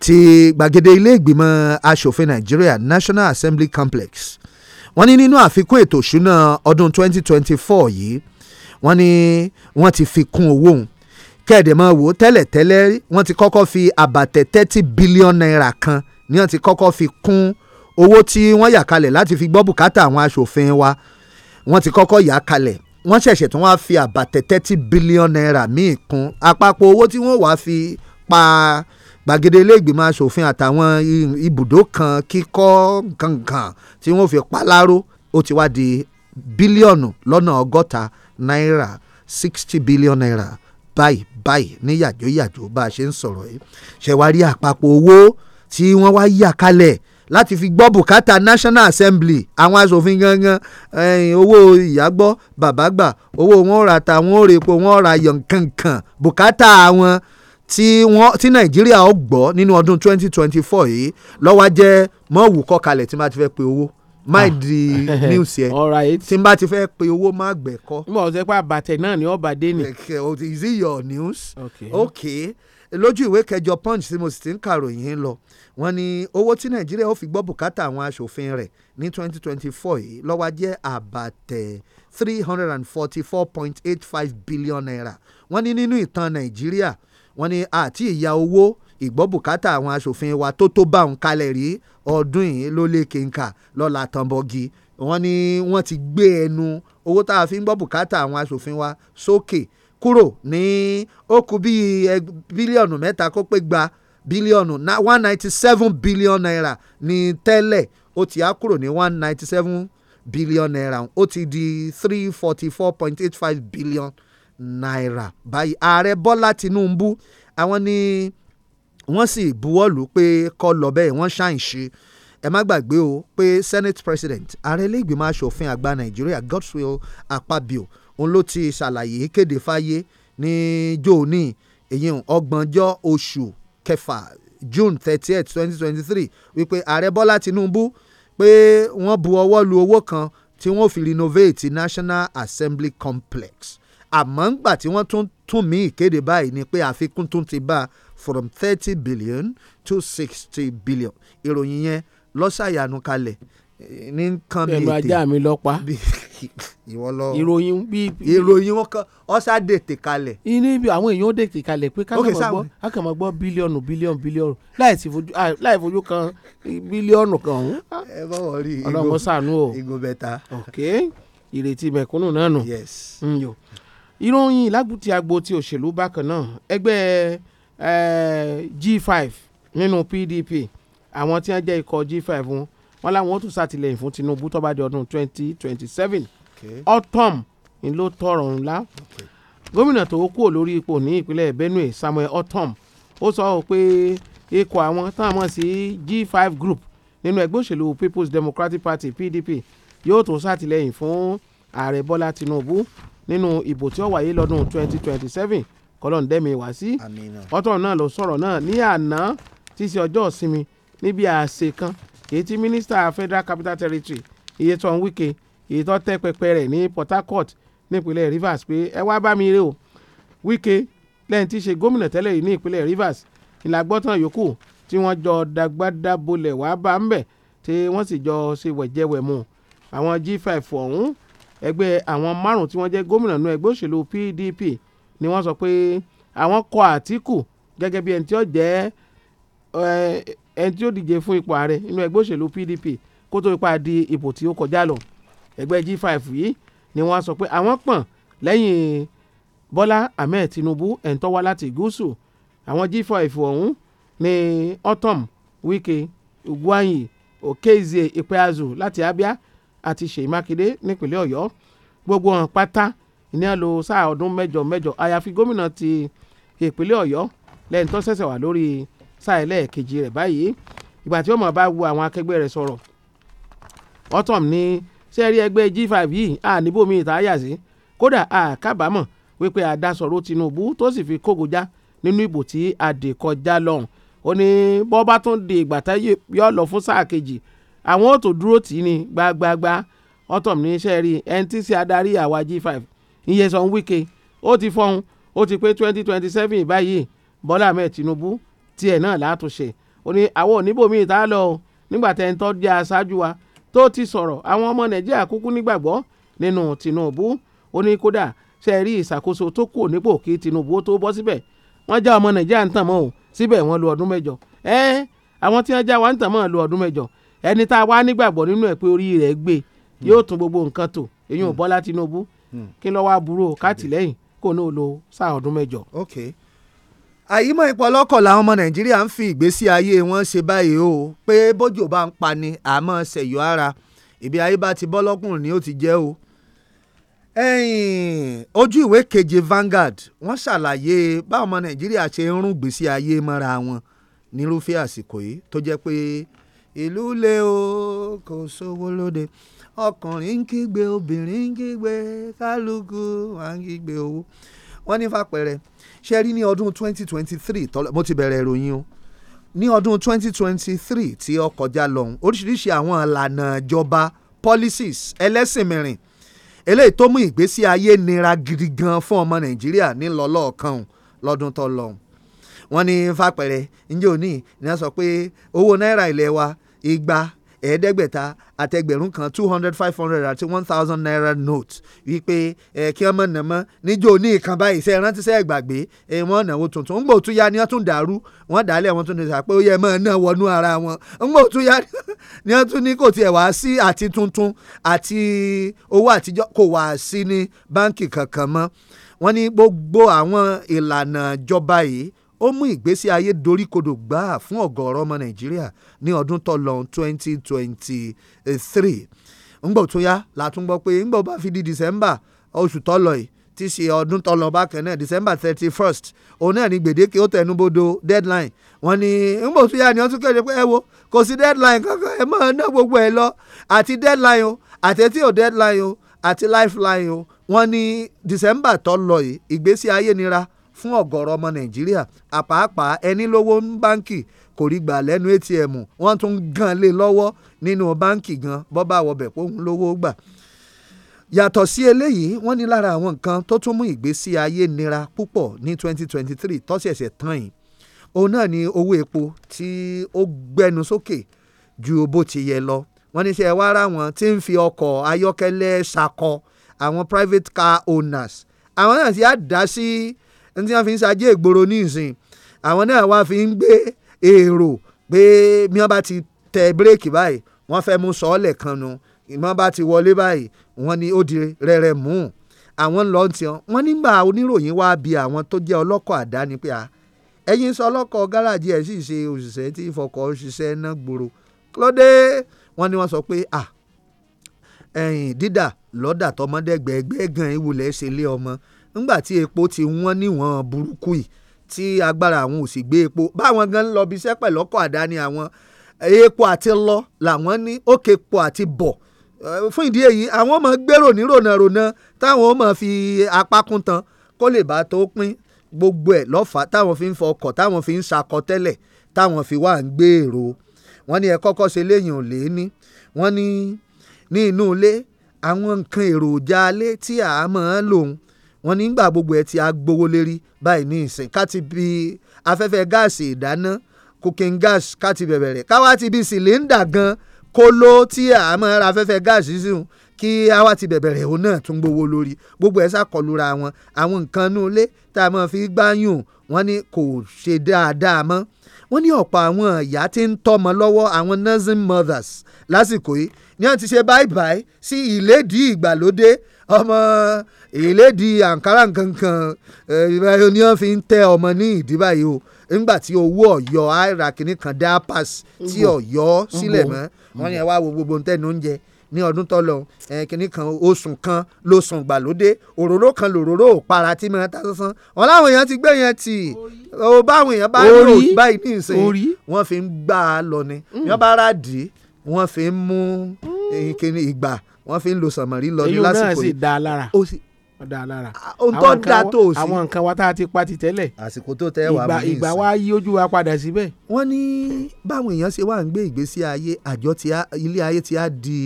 S3: ti gbàgede ilé ìgbìmọ̀ asòfin nàìjíríà National Assembly Complex wọ́n ní nínú àfikún ètò ìṣúná ọdún 2024 yìí wọ́n ní wọ́n ti fi kún owó òun kẹ́ẹ̀dẹ̀mọ́ wò tẹ́lẹ̀tẹ́lẹ̀ wọ́n ti kọ́kọ́ fi àbàtẹ̀ thirty billion naira kan ni wọ́n ti kọ́kọ́ fi kún owó tí wọ́n yà kalẹ̀ láti fi gbọ́ bùkátà àwọn asòfin wa wọ́n ti kọ́kọ́ yà kalẹ̀ wọ́n ṣẹ̀ṣẹ̀ tí wọ́n á fi àbàtẹ̀ thirty billion naira míì kún àpapọ̀ owó tí wọ́n wàá fi pa gbàgede ilé ìgbìmọ̀ asòfin àtàwọn ibùdó kan kíkọ́ kankan tí wọ́n fi paláró ó ti wá di bílíọ̀nù lọ́nà ọgọ́ta náírà sixty billion naira báyìí báyìí ní yàjóyàjó bá a ṣe ń sọ̀rọ̀ yìí ṣẹ̀wárí àpapọ̀ owó tí wọ́n wá yà kalẹ̀ láti fi gbọ́ bùkátà National Assembly àwọn asòfin gangan owó ìyàgbọ́ bàbá gbà owó wọn ò ra ta wọn ò repo wọn ò ra yọ̀ǹkankan bùkátà àwọn tí wọ́n tí nàìjíríà ó gbọ́ nínú ọdún twenty twenty four yìí lọ́wọ́ jẹ́ mọ́wù kọ́kalẹ̀ tí máa ti fẹ́ pe owó máì ah. di news yẹn tí n bá ti fẹ́ pe owó má gbẹ̀ kọ́. nígbà tó ṣe pé àbàtẹ̀ náà ni ọba dé ni. is it your news? okay, okay. lójú ìwé kẹjọ punch tí mo sì ti ń kàròyìn lọ wọ́n ní owó tí nàìjíríà ó fi gbọ́ bùkátà àwọn aṣòfin rẹ̀ ní twenty yìí lọ́wọ́ jẹ́ àbàtẹ̀ three hundred and forty four point eight five billion naira wọ́n ni nínú ìtàn nàìjíríà wọ́n ní àti ìyá owó ìgbọ́ bùkátà àwọn asòfin wa tó tó bá òun kalẹ̀ rí ọdún yìí ló lé kéńkà lọ́la tàǹbọ̀gì wọ́n ní wọ́n ti gbé ẹnu owó tá a fi ń gbọ́ bùkátà àwọn asòfin wa sókè kúrò ní ó bíi bílíọ̀nù mẹ́ta kó pé gba bílíọ̀nù one ninety seven billion naira ní tẹ́lẹ̀ ó ti á kúrò ní one ninety seven billion naira ó ti di three forty four point eight five billion naira náírà báyìí ààrẹ bọ́lá tinúbú àwọn ni wọ́n sì buwọ́lù pé kó lọ bẹ́ẹ̀ wọ́n ṣàìn ṣe ẹ má gbàgbé o pé senate president ààrẹ ilé ìgbìmọ̀ asòfin àgbà nàìjíríà godswill akpabio òun ló ti ṣàlàyé kéde fáyé ní jóòní èyí ọgbọ̀njọ́ oṣù kẹfà june thirtieth twenty twenty three wípé ààrẹ bọ́lá tinúbú pé wọ́n bu ọwọ́ lu owó kan tí wọ́n fi renovate national assembly complex àmọ́ ńgbà tí wọ́n tún tún mí ìkéde báyìí ni pé àfikún tún ti bá from thirty billion to sixty billion ìròyìn yẹn lọ́sàyànú kalẹ̀ eh, ní nǹkan bíi tè ẹnu ajá mi lọ pa ìwọ lọ ìròyìn bíi ìròyìn wọn kan ọsà dètè kalẹ̀. ilé ibi àwọn
S4: èèyàn dètè kalẹ̀ pé kákan mọ̀ gbọ́ bílíọ̀nù bílíọ̀nù bílíọ̀nù láì fojú kan bílíọ̀nù kan ọ̀hún. ẹ bọ́wọ̀ rí ìgò ọlọ́mọ sànú o ìgò bẹ̀ta. ok ìrètí mẹ̀kúnnù náà nù. yes. Mm, ìròyìn lágùtì agbo ti òṣèlú bákan náà ẹgbẹ́ G5 nínú PDP àwọn tí wọ́n jẹ́ ikọ̀ G5 wọn wọn làwọn tún ṣàtìlẹ́yìn fún Tinubu tó bá di ọdún 2027 autumn ni ló tọrọ ńlá gómìnà tó kúrò lórí ipò ní ìpínlẹ̀ Benue Samuel autumn ó sọ pé ikọ̀ àwọn táwọn mọ̀ sí G5 group nínú ẹgbẹ́ òṣèlú People's Democratic Party PDP yóò tún ṣàtìlẹ́yìn fún ààrẹ Bọ́lá Tinubu nínú ìbò tí ó wáyé lọ́dún 2027 kọlọ́ndẹ́mi wá sí ọ̀tọ̀ náà ló sọ̀rọ̀ náà ní àná tí í ṣe ọjọ́ ìsinmi níbi àṣẹ kan èyí tí mínísítà Federal Capital Territory Iyeton Wike èyí tó tẹ́ pẹpẹ rẹ̀ ní Port Harcourt nípínlẹ̀ Rivers pé ẹ wá bá mi rè o Wike lẹ́yìn tí í ṣe gómìnà tẹ́lẹ̀ yìí ní ìpínlẹ̀ Rivers ìlàgbọ́tàn yòókù tí wọ́n jọ dàgbàdàbolẹ̀ wá bá ń bẹ̀ tí wọ́n sì jọ ṣe wẹ̀jẹwẹ̀ mu àwọn G5 ọ̀hún ẹgbẹ́ àwọn márùn-ún tí wọ́n jẹ́ gómìnà nínú ẹgbẹ́ òṣèlú PDP ni wọ́n sọ pé àwọn kọ Àtíkù gẹ́gẹ́ bí ẹni tí ó jẹ́ ẹni tí ó díje fún ipò ààrẹ nínú ẹgbẹ́ òṣèlú PDP kó tó ipa di ipò tí ó kọjá lọ ẹgbẹ́ G5 yìí ni wọ́n sọ pé àwọn pọ̀n lẹ́yìn Bọ́lá Ahmed Tinubu ẹni wá láti gúúsù àwọn G5 ọ̀hún ní Otom Wike Ugwanyi Okezie Ipeazu láti Abia àti Ṣèyí Mákindé nípínlẹ̀ Ọ̀yọ́ gbogbo hàn pátá ní à lò sáà ọdún mẹ́jọ mẹ́jọ àyàfi gómìnà ti ìpínlẹ̀ Ọ̀yọ́ lẹ́yìn tó ṣẹ̀ṣẹ̀ wà lórí sáà ẹlẹ́ẹ̀kejì rẹ̀ báyìí ìgbà tí ó mọ̀ bá wo àwọn akẹgbẹ́ rẹ̀ sọ̀rọ̀ Otom ní sẹ́ẹ̀rí ẹgbẹ́ G5 yìí àníbòmí ìtayà sí kódà àkábàámọ̀ wípé àdásọ̀rọ̀ Tinubu tó sì fi kógojá nínú ìbò tí adè lọ́hùn ó ní bọ́ bá tún di ìgbà tá yọ lọ fún sáà kejì àwọn ò tó dúró tì í ni gbagbagba ọtọm ní iṣẹ́ rí ẹni adarí àwa G5 Nyesom Wike ó ti fọhùn ó ti pé 2027 báyìí Bọ́lá Ahmed Tinubu tiẹ̀ náà látúnṣe ó ní àwọn oníbòmíì tá lọ o nígbà tẹ́ ń tọ́ jẹ́ aṣáájú wa tó ti sọ̀rọ̀ àwọn ọmọ Nàìjíríà kúkú nígbàgbọ́ nínú Tinubu ó ní kódà ṣe rí ìṣàkóso tó kù nípò kí Tinubu tó bọ́ síbẹ̀ wọ́n já ọmọ Nàìjíríà ń tàn mọ́ o síbẹ̀ wọ́n lu ọdún mẹ́jọ ẹ́ àwọn tí wọ́n já wa ń tàn mọ́ lu ọdún mẹ́jọ ẹni tá a wá nígbàgbọ́ nínú ẹ̀ pé orí rẹ̀ gbé hmm. yóò tún gbogbo nǹkan tò èyí ò hmm. Bọ́lá Tinubu hmm. kí lọ́wọ́ aburú kátìlẹ́yìn kò ní lo sáà ọdún mẹ́jọ. okay
S3: àyímọ̀ ipò ọlọ́kọ̀ làwọn ọmọ nàìjíríà ń fi ìgbésí ayé wọn ṣe báyìí o pé bójú bá ń pa ni àmọ́ ṣẹ̀yọ́ ara ìbí ayé bá ti bọ́ lọ́kùnrin ni ó ti jẹ́ o. ojú ìwé keje Vanguard wọ́n ṣàlàyé báwọn ọmọ nàìjíríà ṣe ń rún ìgbésí ayé mọ́ra wọn nírúfẹ́ àsìkò yìí tó jẹ́ pé ìlú le o kò sówó lóde ọkùnrin ń kígbe obìnrin ń kígbe kálukú wà ń kígbe owó wọ́n ní fàpẹẹrẹ ṣe rí ní ọdún 2023 tọ́lọ́ mo ti bẹ̀rẹ̀ ìròyìn o ní ọdún 2023 tí ó kọjá lọ́hùn oríṣiríṣi àwọn ìlànà ìjọba policies ẹlẹ́sìn mìíràn eléyìí tó mú ìgbésí ayé nira gidi gan fún ọmọ nàìjíríà nílọ́lọ́ọ̀kan lọ́dún tó lọ́hùn wọ́n ní fàpẹẹrẹ ǹjẹ́ òní ni wọ́n sọ pé owó náírà ilẹ̀ wa igba ẹ̀ẹ́dẹ́gbẹ̀ta àtẹgbẹ̀rún kan two hundred five hundred àti one thousand naira note wípé ẹ kí ọmọ nà mọ́ níjó ní ìkan báyìí sẹ́ rántí sẹ́ gbàgbé ẹ wọ́n náwó tuntun ń gbò tún ya ni wọ́n tún dàrú wọ́n dàálẹ̀ wọ́n tún ní sàpé ó yẹ mọ́ náà wọnú ara wọn ń gbò tún ya ni wọ́n tún ní kò tiẹ̀ wá sí àti tuntun àti owó àtijọ́ kò wá sí ní báǹkì kankan mọ́ wọ́n ní gbogbo àwọn ìlànà ìjọba yìí ó mú ìgbésí ayé doríkodò gbáà fún ọ̀gọ̀ọ̀rọ̀ ọmọ nàìjíríà ní ọdún tó lọ twenty twenty three ńgbò tó yá látún gbọ́ pé ńgbò bá fi di december oṣù tó lọ yìí tí ṣe ọdún tó lọ bákan náà december thirty first òun náà ni gbèdéke ó tẹnubodò deadline wọ́n ní ńgbò tó yá ni wọ́n tún kéde pé ẹ wo kò sí deadline kankan ẹ máa ná gbogbo ẹ lọ àti deadline o àti etí ò deadline o àti lifeline o wọ́n ní december tó lọ yìí ìgbésí ayé nira fún ọ̀gọ̀rọ̀ ọmọ nàìjíríà àpàápàá ẹni lówó ń báǹkì kò rí gbà lẹ́nu atm wọ́n tún gan lé lọ́wọ́ nínú báǹkì gan bọ́bá wọbẹ̀ pé òun lówó gbà. yàtọ̀ sí eléyìí wọ́n ní lára àwọn nǹkan tó tún mú ìgbésí ayé nira púpọ̀ ní 2023 tọ́sẹ̀sẹ̀ tán yìí òun náà ni owó epo tí ó gbẹnu sókè ju bó ti yẹ lọ wọ́n ní ṣe ẹ wá ara wọn tí ń fi ọkọ̀ ayọ́kẹ́lẹ́ ṣakọ àwọn private car owners àwọn náà ti á dá sí si ní tí wọ́n fi ń ṣajé ìgboro ní ìsìn àwọn náà wá fi ń gbé èrò pé bí wọ́n bá ti tẹ bírèkì báyìí wọ́n fẹ́ mú sọ́ọ̀lẹ̀ kan nu ìmọ̀ bá ti wọlé báyìí wọ́n ní ó di rẹ̀rẹ̀ mú àwọn lọ ti hàn wọ́n nígbà oníròyìn wá bi àwọn tó jẹ́ ọlọ́kọ̀ àdáni pé à ẹ̀yin sọ ọlọ́kọ̀ gáràjì ẹ̀ sì ṣe òṣìṣẹ́ tí ìfọkọ̀ òṣìṣẹ́ náà gbòòrò lọ́dẹ wọ́n ní wọ́n sọ pé à ẹ̀yìn dídà lọ́dà tọmọdẹ́gbẹ̀ẹ́gbẹ́ gan ìwúlẹ̀ ṣe lé ọmọ ńgbà tí epo ti wọ́n níwọ̀n burúkú yìí tí agbára àwọn ò sì gbé epo báwọn gan lọ bí iṣẹ́ pẹ̀lú ọkọ̀ àdáni àwọn epo àti lọ làwọn ní òkè epo àti bọ̀ fún ìdí èyí àwọn ọmọ gbèrò ní rònàrònà táwọn ọmọ fi apá kún tan kó lè bá tó pín gbogbo ẹ̀ lọ́fà táwọn fi ń fọkọ̀ táwọn fi ń sakọ tẹ́lẹ̀ táwọn fi wá ń gbèrò wọ́n ní ẹ kọ́kọ́ ṣe léyìn ò lé ní wọ́n ní ní inú ilé àwọn nǹkan èròjà alé tí a máa lòun wọ́n nígbà gbogbo ẹ ti agbowó lérí báyìí ní ìsìn ká ti bi afẹ́fẹ́ gáàsì ìdáná cooking gas ká bẹ̀bẹ̀ rẹ̀ káwá ti bi sìlẹ́ńdà gan kóló tí a máa ra afẹ́fẹ́ gáàsì sí un kí àwa ti bẹ̀bẹ̀ rẹ̀ òun náà tún gbowó lórí gbogbo ẹ̀ ṣàkọlura wọn àwọn nǹkan inú ilé tá a máa fi gbáyùn wọ́n ní kò ṣe dáadáa mọ́ wọ́n ní ọ̀pọ̀ àwọn ìyá tí ń tọ́mọ lọ́wọ́ àwọn nursing mothers lásìkò yìí ni wọ́n ti ṣe báìbáì sí ìlédìí ìgbàlódé ọmọ ìlédìí àǹkárá kankan. Eh, ni wọ́n fi ń tẹ ọmọ ní ìdí báyìí o nígbà tí owó ọ̀yọ́ àìrà kìíní kan dá pass tí ọ̀yọ́ sílẹ̀ mọ́ wọ́n yẹn wá wo gbogbo ntẹ́nu oúnjẹ ní ọdún tó lọ eh, kìíní kan oṣù kan ló sùn gbàlódé òróró kan lòróró òpara tí mo ta sánsán wọn láwọn èèyàn ti gbé yẹn tì ó báwọn èèyàn bá lò báyìí ní ìsìn wọn fi ń gbà á lọ ni wọn mm. bá rà dì í wọn fi ń mú mm. eh, ìgbà wọ́n fi ń lo sànmọ́rí lọ ní lásìkò yìí. èyí náà sì dá a lára ó dá a lára. ohun tó da tó o sí. àwọn nǹkan wa tá a ti pa ti tẹ́lẹ̀. àsìkò tó tẹ́ wàá mú ìsìn. ìgbà wa yí ojú wa padà síbẹ̀. wọ́n ní báwọn èèyàn ṣe wà ń gbé ìgbésí ayé àjọ ti ilé ayé ti á di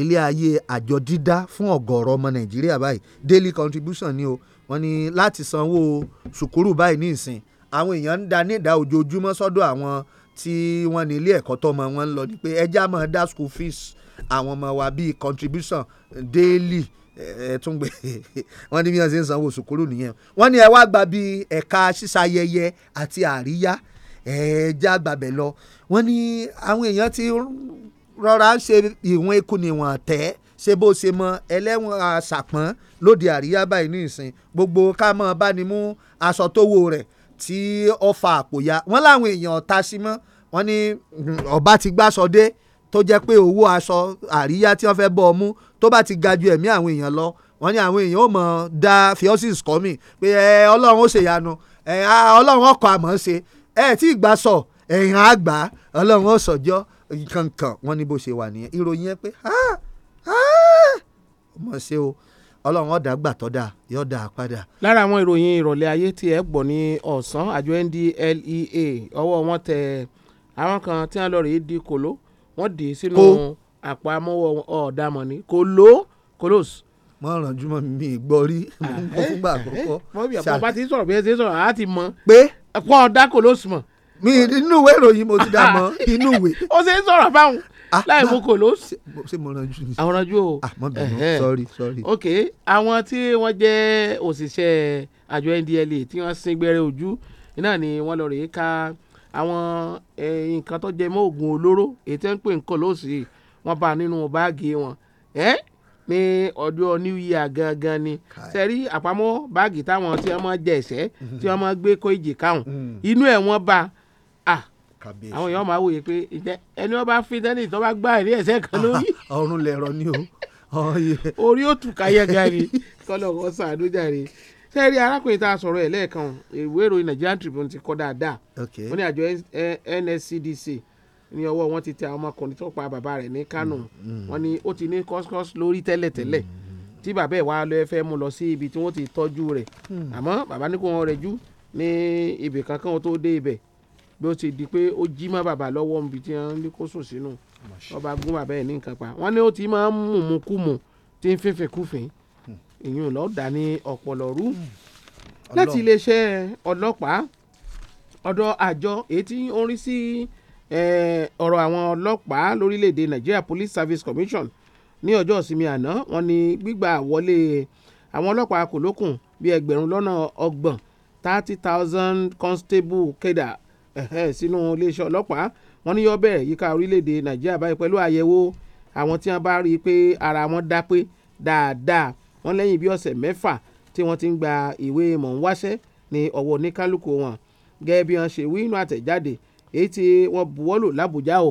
S3: ilé ayé àjọ dídá fún ọ̀gọ̀ọ̀rọ̀ ọmọ nàìjíríà báyìí daily contribution ni o wọ́n ní láti sanwó sùkúrù báyìí ní ìsìn àwọn èèyàn ń da nídà ojoojúmọ́ sọ́dọ̀ àwọn tí wọ́n ní ilé ẹ̀kọ́ tọ́mọ wọn ń lọ ni pé ẹja máa dá school fees àwọn ọmọ wa bíi contribution daily ẹ tún gbé wọn ní bí wọn ṣe ń sanwó sùkúrù nìyẹn wọn ní ẹ wá gba bíi ẹ̀ka ṣíṣayẹyẹ àti àríyá ẹ já gbàbẹ lọ wọn ní àwọn èèyàn ti rọra ń ṣe ìwọ̀n ikú níwọ̀n tẹ́ ṣe bó ṣe mọ ẹlẹ́wọ̀n àṣàpọ̀n lóde àríyá báyìí ní ìsìn gbogbo ká mọ̀ bá ní mú aṣọ tó wo rẹ̀ tí ó fa àpòyá wọn láwọn èèyàn ọ̀tá sí mọ́ wọn ní hmm, ọba ti gbàsọdé. So tó jẹ́ pé owó aṣọ àríyá tí wọ́n fẹ́ bọ́ ọ mú tó bá ti ga ju ẹ̀mí àwọn èèyàn lọ wọ́n ní àwọn èèyàn ò mọ̀ dá fiosis kọ́mì pé ẹ ọlọ́run ó ṣèyanu ẹ ọlọ́run ọkọ̀ àmọ́ ṣe ẹ tí ì gbà sọ ẹ̀yàn àgbà ọlọ́run ó sọjọ́ kankan wọ́n ní bó ṣe wà nìyẹn ìròyìn ẹ pé ọmọ ṣe o ọlọ́run ọ̀dà gbà tọ́ da yóò dà á padà.
S4: lára àwọn ìròyìn ìrọ̀lẹ́ ayé tí ẹ gbọ́ ní ọ̀sán àjọ NDLEA ọwọ́ wọn tẹ àwọn kan tí wọ́n lọ rèé di kòló wọ́n dè é sínú àpò amọ́wọ́ ọ̀ọ́dàmọ̀ ni kò ló close.
S3: mo ràn jù mọ́ mi gbọ́ rí ah, mo ń gbọ́ fúngbà eh, àkọ́kọ́. Eh, mo bí àpò bá ti
S4: sọ̀rọ̀ bí ẹ ti sọ̀rọ̀ àá ti mọ̀. pé ẹ̀kọ́ ọ̀dà kò ló sùn mọ̀. mi inú ìwé ìròyìn mo ti dá mọ́ inú ìwé. ó ṣe é sọ̀rọ̀ fáwọn ah, láì ah. mú kò ló.
S3: ṣé mo ràn jù ní. àwọn ràn jù o. àmọ́ bẹ̀rẹ̀ sọ́rí sọ́rí.
S4: ok àwọn tí wọ́n jẹ́ òṣìṣẹ́ àjọ NDLEA tí wọ́n sin gbẹ́rẹ́ ojú náà ni wọ́n lọ rèé ká àwọn nǹkan tó jẹ mọ́ oògùn olóró èyí tẹ́ ń pè nǹkan lóòsì wọ́n bá nínú báàgì wọn ní ọdún new year gangan ni sẹ́rí àpamọ́ báàgì táwọn tí wọ́n máa jẹ ẹ̀sẹ́ tí wọ́n máa gbé kó ìjì káwọn mm. inú ẹ̀ wọ́n bá
S1: àwọn
S4: èèyàn máa wòye pé ẹni wọ́n bá fi tẹ́lẹ̀ tó bá gbá ẹ̀rí ẹ̀sẹ̀ kan lórí. ọrùn lẹ̀rọ ni o. orí òtún káyẹ̀ gari kọ́lọ̀ kan sàánú jàre sẹ́ẹ̀rí arákùnrin tá a sọ̀rọ̀ ẹ̀ lẹ́ẹ̀kan ìwé ìròyìn Nigerian Tribune ti kọ́ dáadáa wọ́n ní àjọ NSCDC ní ọwọ́ wọn ti tẹ àwọn ọmọkùnrin tó pa bàbá rẹ̀ ní Kánò mm, mm. wọ́n ní ó ti ní kọ́síkọ́sí lórí tẹ́lẹ̀tẹ́lẹ̀ mm, tí bàbá ẹ̀ wá lọ fẹ́ mú lọ sí ibi tí wọ́n ti tọ́jú rẹ̀ àmọ́ bàbá ní kó wọn rẹ̀ jú ní ibì kankan tó dé ibẹ̀ bí ó ti di pé ó jí mọ́ bàbá lọ́wọ́ níbi tí wọ́n ní kó sùn sínú ọba gún bàbá ẹ̀ ní nǹkan pa wọ́n ní ó ti máa ń mú mu kú mu tí ń fífin kúfin ìyún náà dá ní ọ̀pọ̀lọ̀ rú hmm. láti iléeṣẹ́ ọlọ́pàá ọ̀dọ̀ àjọ èyí tí ó ń rí sí ọ̀rọ̀ àwọn ọlọ́pàá lórílẹ̀‐èdè Nigeria Police Service Commission ní ọjọ́ ìsinmi àná wọ́n ní gbígbà wọlé àwọn ọlọ́pàá kò lókun bíi ẹgbẹ̀rún lọ́nà ọgbọ̀n thirty thousand constable kéda sínú iléeṣẹ́ ọlọ́pàá wọ́n ní yọ bẹ̀rẹ̀ yíká orílẹ̀‐èdè Nigeria báyìí pẹ̀lú àyẹ̀wò àwọn tí wọ́n bá rí i pé ara wọn dá dáadáa wọ́n lẹ́yìn bí ọ̀sẹ̀ mẹ́fà tí wọ́n ti ń gba ìwé mọ̀nwáṣẹ́ ní ọwọ́ oníkálukú wọn gẹ́gẹ́ bí wọ́n ṣe wí inú àtẹ̀jáde èyí tí wọ́n buwọ́lù làbújá o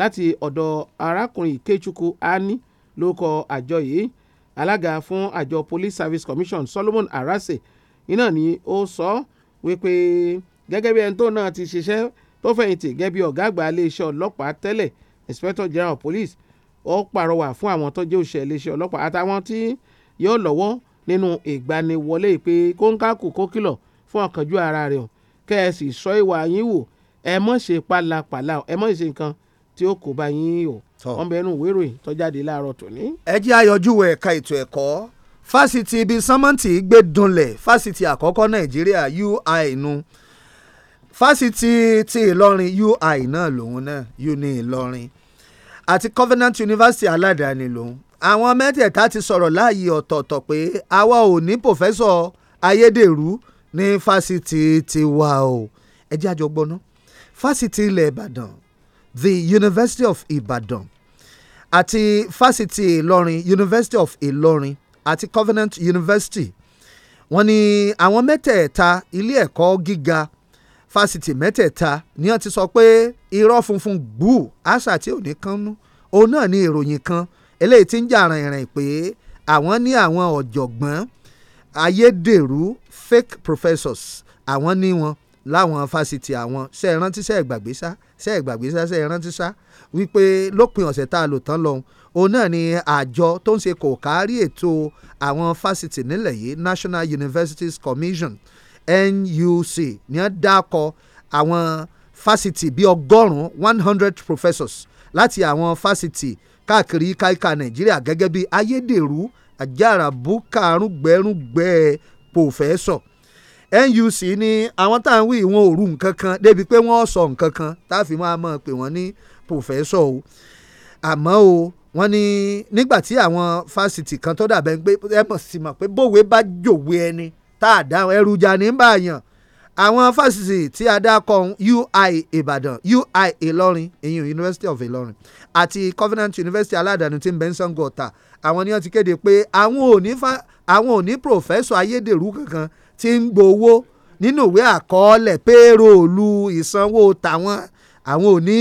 S4: láti ọ̀dọ̀ arákùnrin Ikechukwu Ani lórúkọ àjọ yìí alága fún àjọ Police Service Commission Solomon Arase iná ni ó sọ wípé gẹ́gẹ́ bí ẹni tó náà ti ṣiṣẹ́ tó fẹ̀yìntì gẹ́gẹ́ bí ọ̀gá àgbà iléeṣẹ́ ọlọ́pàá tẹ́lẹ̀ Inspector General Police ó pàrọwà fún àwọn tó jẹ́ òṣìṣẹ́ iléeṣẹ́ ọlọ́pàá àtàwọn tí yóò lọ́wọ́ nínú ìgbaniwọlé pé kóńkàkù kó kìlọ̀ fún ọ̀kánjú ara rẹ̀ o kẹ́ ẹ sì sọ ìwà yín wò ẹ mọ̀ ṣe pálapàla ẹ mọ̀ ṣe nǹkan
S3: tí ó kò bá yín o wọn bẹ inú
S4: ìwé ìròyìn tó jáde láàárọ̀
S3: tòní. ẹ jẹ́ àyọjú ẹ̀ka ètò ẹ̀kọ́ fásitì ibi sánmọ́ǹtì gbé dunlẹ̀ fásitì àkọ́kọ́ nàìjíríà ui nu fásitì ti ìlọrin ui náà lòun náà uni ìlọrin àti covenant university aládàáni lòun àwọn mẹ́tẹ̀ẹ̀ta ti sọ̀rọ̀ láàyè ọ̀tọ̀ọ̀tọ̀ pé àwa ò ní pòfẹ́sọ̀ ayédèrú ní fásitì tiwa o ẹ jẹ́ àjọ gbọ́ná fásitì ilẹ̀ ìbàdàn the University of Ibadan àti fásitì ìlọrin University of Ìlọrin àti Covenant University wọ́n ní àwọn mẹ́tẹ̀ẹ̀ta ilé ẹ̀kọ́ gíga fásitì mẹ́tẹ̀ẹ̀ta ni wọ́n ti sọ pé irọ́ funfun gbùù àṣà tí ò ní kánú òun náà ní ìròyìn kan eléyìí ti ń jà rìnrìn pé àwọn ní àwọn ọ̀jọ̀gbọ́n ayédèrú fake professors àwọn ní wọn láwọn fásitì àwọn ṣe é rántí ṣe é gbàgbé sá ṣe é gbàgbé sá ṣe é rántí sá wípé lópin ọ̀sẹ̀ tá a lò tán lọ́hùn òun náà ni àjọ tó ń ṣe kò kárí ètò àwọn fásitì nílẹ̀ yìí National Universities Commission NUC ni wọ́n dákọ àwọn fásitì bíi ọgọ́rùn-ún one hundred professors láti àwọn fásitì káàkiri káìka nàìjíríà gẹ́gẹ́ bí ayédèrú àjàràbù karùngbẹ̀rùngbẹ̀ pòfẹ́sọ̀ NUC ni àwọn tá à ń wí ìwọ̀n òru nǹkan kan débi pé wọ́n sọ nǹkan kan tá a fi máa mọ̀ pé wọ́n ní pòfẹ́sọ̀ o àmọ́ o wọ́n ní nígbà tí àwọn fásitì kan tó dàbẹ̀ ń pé ẹ mọ̀ sí mọ̀ pé bówe bá jòwe ẹni tá a dáhùn ẹrù jà ní báyàn àwọn fásitì tí a dá kọ UI Ìbàdàn UI Ìlọrin ìyún University of Ìlọrin àti Covenant University aládàáni tí ń bẹ ní Ṣàngó Ọ̀tà àwọn ni wọ́n ti kéde pé àwọn ò ní fa àwọn ò ní pòfẹ́sọ̀ ayédèrú kankan tí ń gbowó nínú ìwé àkọọ́lẹ̀ péróòlù ìsanwó tàwọn àwọn ò ní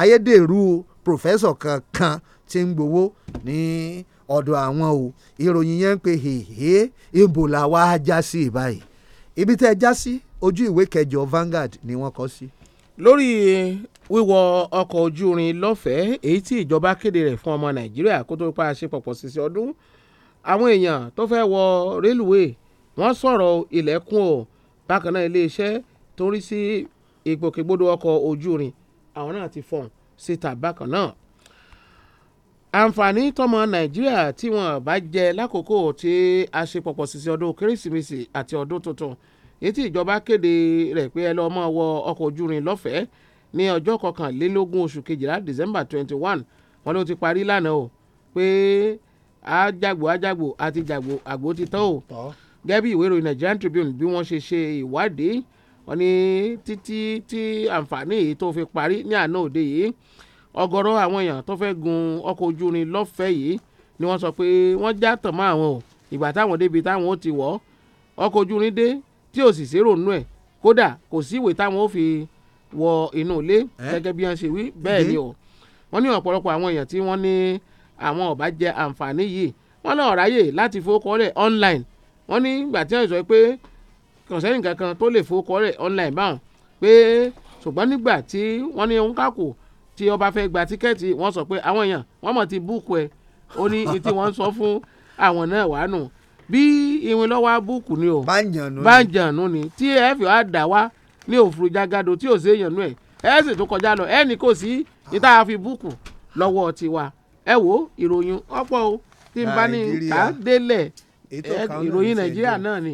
S3: ayédèrú pòfẹ́sọ̀ kankan tí ń gbowó ní ọ̀dọ̀ àwọn o ìròyìn yẹn ń pe hèhè ibo làwa á já sí báyìí ibi tẹ́ ẹ já sí ojú ìwé kẹjọ Vanguard ni wọ́n kọ sí.
S4: lórí wíwọ ọkọ̀ ojú irin lọ́fẹ̀ẹ́ èyí tí ìjọba kéde rẹ̀ fún ọmọ Nàìjíríà kó tó pa àṣẹ pọ̀pọ̀ sísè ọdún àwọn èèyàn tó fẹ́ wọ rélùwéè wọ́n sọ̀rọ̀ ilẹ̀kùn o bákan náà iléeṣẹ́ tó ń rí sí ìgbòkègbodò ọkọ̀ ojú irin àwọn náà ti fọ̀n síta bákan náà àǹfààní tọmọ nàìjíríà tí wọn bá jẹ lákòókò tí a ṣe pọ̀pọ̀ sísè ọdún kérésìmesì àti ọdún tuntun etí ìjọba kéde rẹ̀ pé ẹ lọ́ọ́ mọ́ wọ ọkọ̀ ojú irin lọ́fẹ̀ẹ́ ní ọjọ́ kọkànlélógún oṣù kejìlá december twenty one wọn ló ti parí lánàá o pé ajagbo ajagbo àti jagbo àgbo ti tán o gẹ́gẹ́ bí ìwé ìròyìn Nigerian Tribune bí wọ́n ṣe ṣe ìwádìí wọn ní títí tí àǹfààní yìí tó fi parí ní àná òde yìí ọ̀gọ̀rọ̀ àwọn èèyàn tó fẹ́ gun ọkọ̀ ojú irin lọ́fẹ̀ẹ́ yìí ni wọ́n sọ pé wọ́n já tàn àwọn o ìgbà táwọn débi táwọn ó ti wọ̀ ọkọ̀ ojú irin dé tí ò sì ṣèrò nú ẹ̀ kódà kò sí ìwé táwọn ò fi wọ inú ilé gẹ́gẹ́ bí wọ́n ṣe wí bẹ́ẹ̀ ni o wọ́n ní ọ̀pọ̀lọpọ̀ àwọn èèyàn tí wọ́n ní àwọn ọ̀bá jẹ àǹfààní yìí wọ́n lọ́ọ́ ráyè láti fowókọ́lẹ̀ online wọ́n ní ìgbà tí wọ́n sọ pé kọ̀sẹ́yìn kankan tó lè fowókọ́lẹ̀ online báwọn pé ṣùgbọ́n nígbà tí wọ́n ní nkàkù tí ọba fẹ́ gba tíkẹ́ẹ̀tì wọ́n sọ pé àwọn èèyàn wọ́n mọ̀ ti búùkù ẹ̀ ó ní tí wọ́n sọ fún àwọn náà wàánu bí irin lọ́wọ́ abúkù ni o bájànú ni tí ẹ fi wá dà wá ní òfurufú jágádò tí ò sí èèyàn nú ẹ ẹ sì tún kọjá lọ ẹnì kò sí níta fi búkù lọ́wọ́ tiwa ẹ wo ìròyìn ọ̀pọ̀ o tí n bá ní ká délẹ̀ ìròyìn nàìjíríà náà ni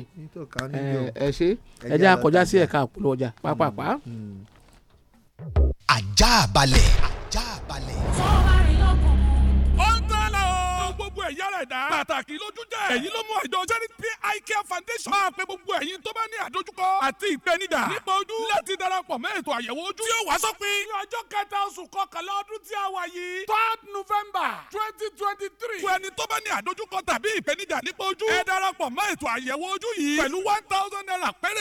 S4: ẹ ṣe ẹ jẹ́ àkọjá sí ẹ̀ka àpolówó ọjà mm. pápápá. ajá balẹ̀
S7: ajá balẹ̀. ó ń tẹ́lẹ̀ o gbogbo ẹ̀yà ẹ̀dá pàtàkì lójú jẹ́ èyí ló mú àjọ charity pay eye care foundation máa pe gbogbo ẹ̀yin tó bá ní àdójúkọ àti ìpènijà nípa ojú láti darapọ̀ mẹ́ ètò àyẹ̀wò ojú tí ó wá sópin ní ọjọ́ kẹta oṣù kọkànlá ọdún tí a wà yìí third november twenty twenty three fún ẹni tó bá ní àdójúkọ tàbí ìpènijà nípa ojú ẹ darapọ̀ mẹ́ ètò àyẹ̀wò ojú yìí pẹ̀lú one thousand naira péré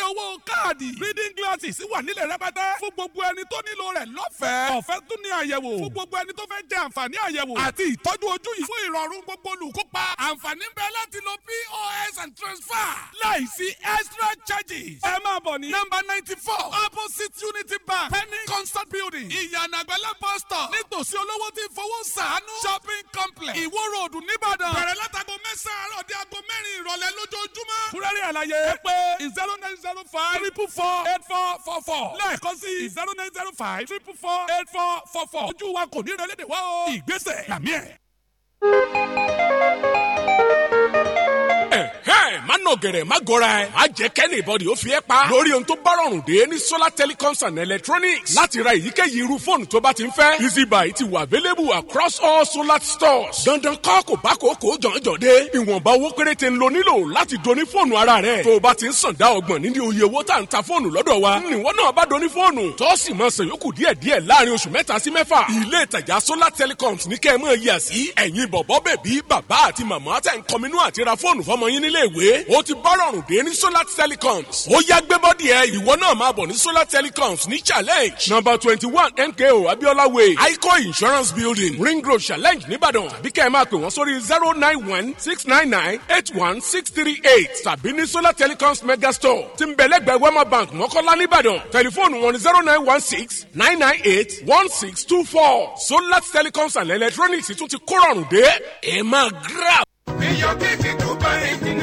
S7: pa. àǹfààní ń bẹ láti lo pos and transfer. láìsí extra charges. ẹ máa bọ̀ ní. nọ́mbà ninety four opposite unity bank penny concert building ìyànàgbẹ́lẹ̀ bus stop nítòsí olówó tí fowó sàánú shopping complex ìwó road nìbàdàn. bẹ̀rẹ̀ látago mẹ́sàn-án àárọ̀ dé aago mẹ́rin ìrọ̀lẹ́ lójoojúmọ́. kúrẹ́rì àlàyé ẹ pé zero nine zero five triple four eight four four four lẹ́ẹ̀kan sí zero nine zero five triple four eight four four four ojú wa kò
S8: ní ìrẹ́lẹ́dẹ̀ wá o. ìgbésẹ̀ làmí ẹ̀. Música má nà gẹ̀rẹ̀ má gọra ẹ̀ má jẹ́ kẹ́ni ìbọ̀dì ó fi ẹ́ pa. lórí ohun tó bá rọrùn dé ní solar telecoms and electronics láti ra èyíkéyìí irú fóònù tó bá ti ń fẹ́. easy buy ti wà available across all solar stores. dandan kọ́ kò bá kò kò jọ̀njọ̀ dé. ìwọ̀nba owó péréte ń lo nílò láti doni fóònù ara rẹ̀. tó o bá ti ń sàn dá ọgbọ̀n nínú iye owó tá à ń ta fóònù lọ́dọ̀ wa. níwọ̀n náà bá doni fóònù. tó sì máa san yòókù díẹ̀díẹ̀ láàrin oṣù mẹ́ta sí mẹ́fà. solar telecoms ní kẹ́ ẹ máa yà sí. ẹ̀yin bọ̀bọ̀ bèbí bàbá àti màmá tẹ̀ ń kọminú àti ra fóònù fọmọ ó ti bọ́rọ̀rùn dé ní solar telecoms ó yá gbé bọ́dì ẹ ìwọ náà máa bọ̀ ní solar telecoms ní challenge number twenty one mko abiola way aiko insurance building ring road challenge nìbàdàn àbí kẹ́ ẹ máa pè wọ́n sórí zero nine one six nine nine eight one six three eight tàbí ní solar telecoms mega store tí ń bẹ wema bank mọ́kànlá nìbàdàn tẹlifóònù wọn ni zero nine one six nine nine eight one six two four solar telecoms and electronics tún ti kó rọrùn dé ẹ máa grab. iyọ̀ kékeré tó bá ẹni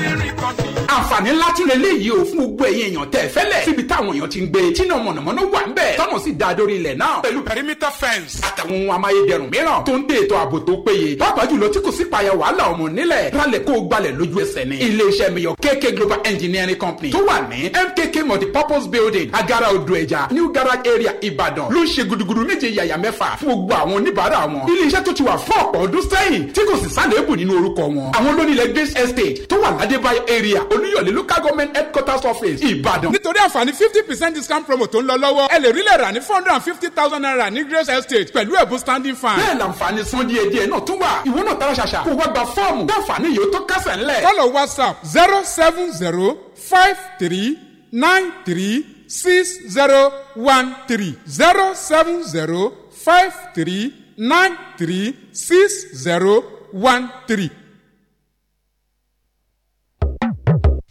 S9: àǹfààní ńlá tí lè léyìí o fún gbogbo ẹ̀yin èèyàn tẹ̀ fẹ́lẹ̀ síbi táwọn èèyàn ti ń gbé tí náà mọ̀nàmọ́ná wà ń bẹ̀ tọ́nà sì da dórí ilẹ̀ náà pẹ̀lú pẹ̀rímítà fẹ́ǹsì àtàwọn ohun amáyédẹrùn mìíràn tó ń dé ètò ààbò tó péye pàápàá jùlọ tí kò sí payà wàhálà ọmọ nílẹ̀ rálẹ̀ kó gbalẹ̀ lójú ẹsẹ̀ ni iléeṣẹ́ miyàn KK Global Engineering Company tó wà ní MKK multipurpose building agara odò ẹja new garage area Ìbàdàn ló ń ṣe gudugudu méje yàyà mẹ́fà fún gbogbo àwọn oníbàárà wọn iléeṣẹ́ tó ti wà fún ọ̀pọ̀ ọdún sẹ́yìn tí kò sì sálẹ̀ èbù nínú orúkọ wọn àwọn lónìí lẹ Grace Estate tó wà ládébáyọ̀ area olúyọ̀lé local government headquarters office ìbàdàn. nítorí àǹfààní fifty percent discount promo tó ń lọ lọ́wọ́ ẹ lè rí lẹ̀ rà ní four hundred and fifty thousand naira ní grace estate pẹ̀lú ẹ̀bùn standing fan. bẹ́ẹ̀ làǹfààní sún díẹ̀ díẹ̀ náà tún wà ìwọ náà tara ṣàṣà kó wá gba fọ́ọ̀mù láǹfààní yìí ó tó kásẹ̀ ńlẹ̀. kọ́lọ̀ whatsapp zero seven zero five three nine three six zero one three zero seven zero five three nine three six zero one three.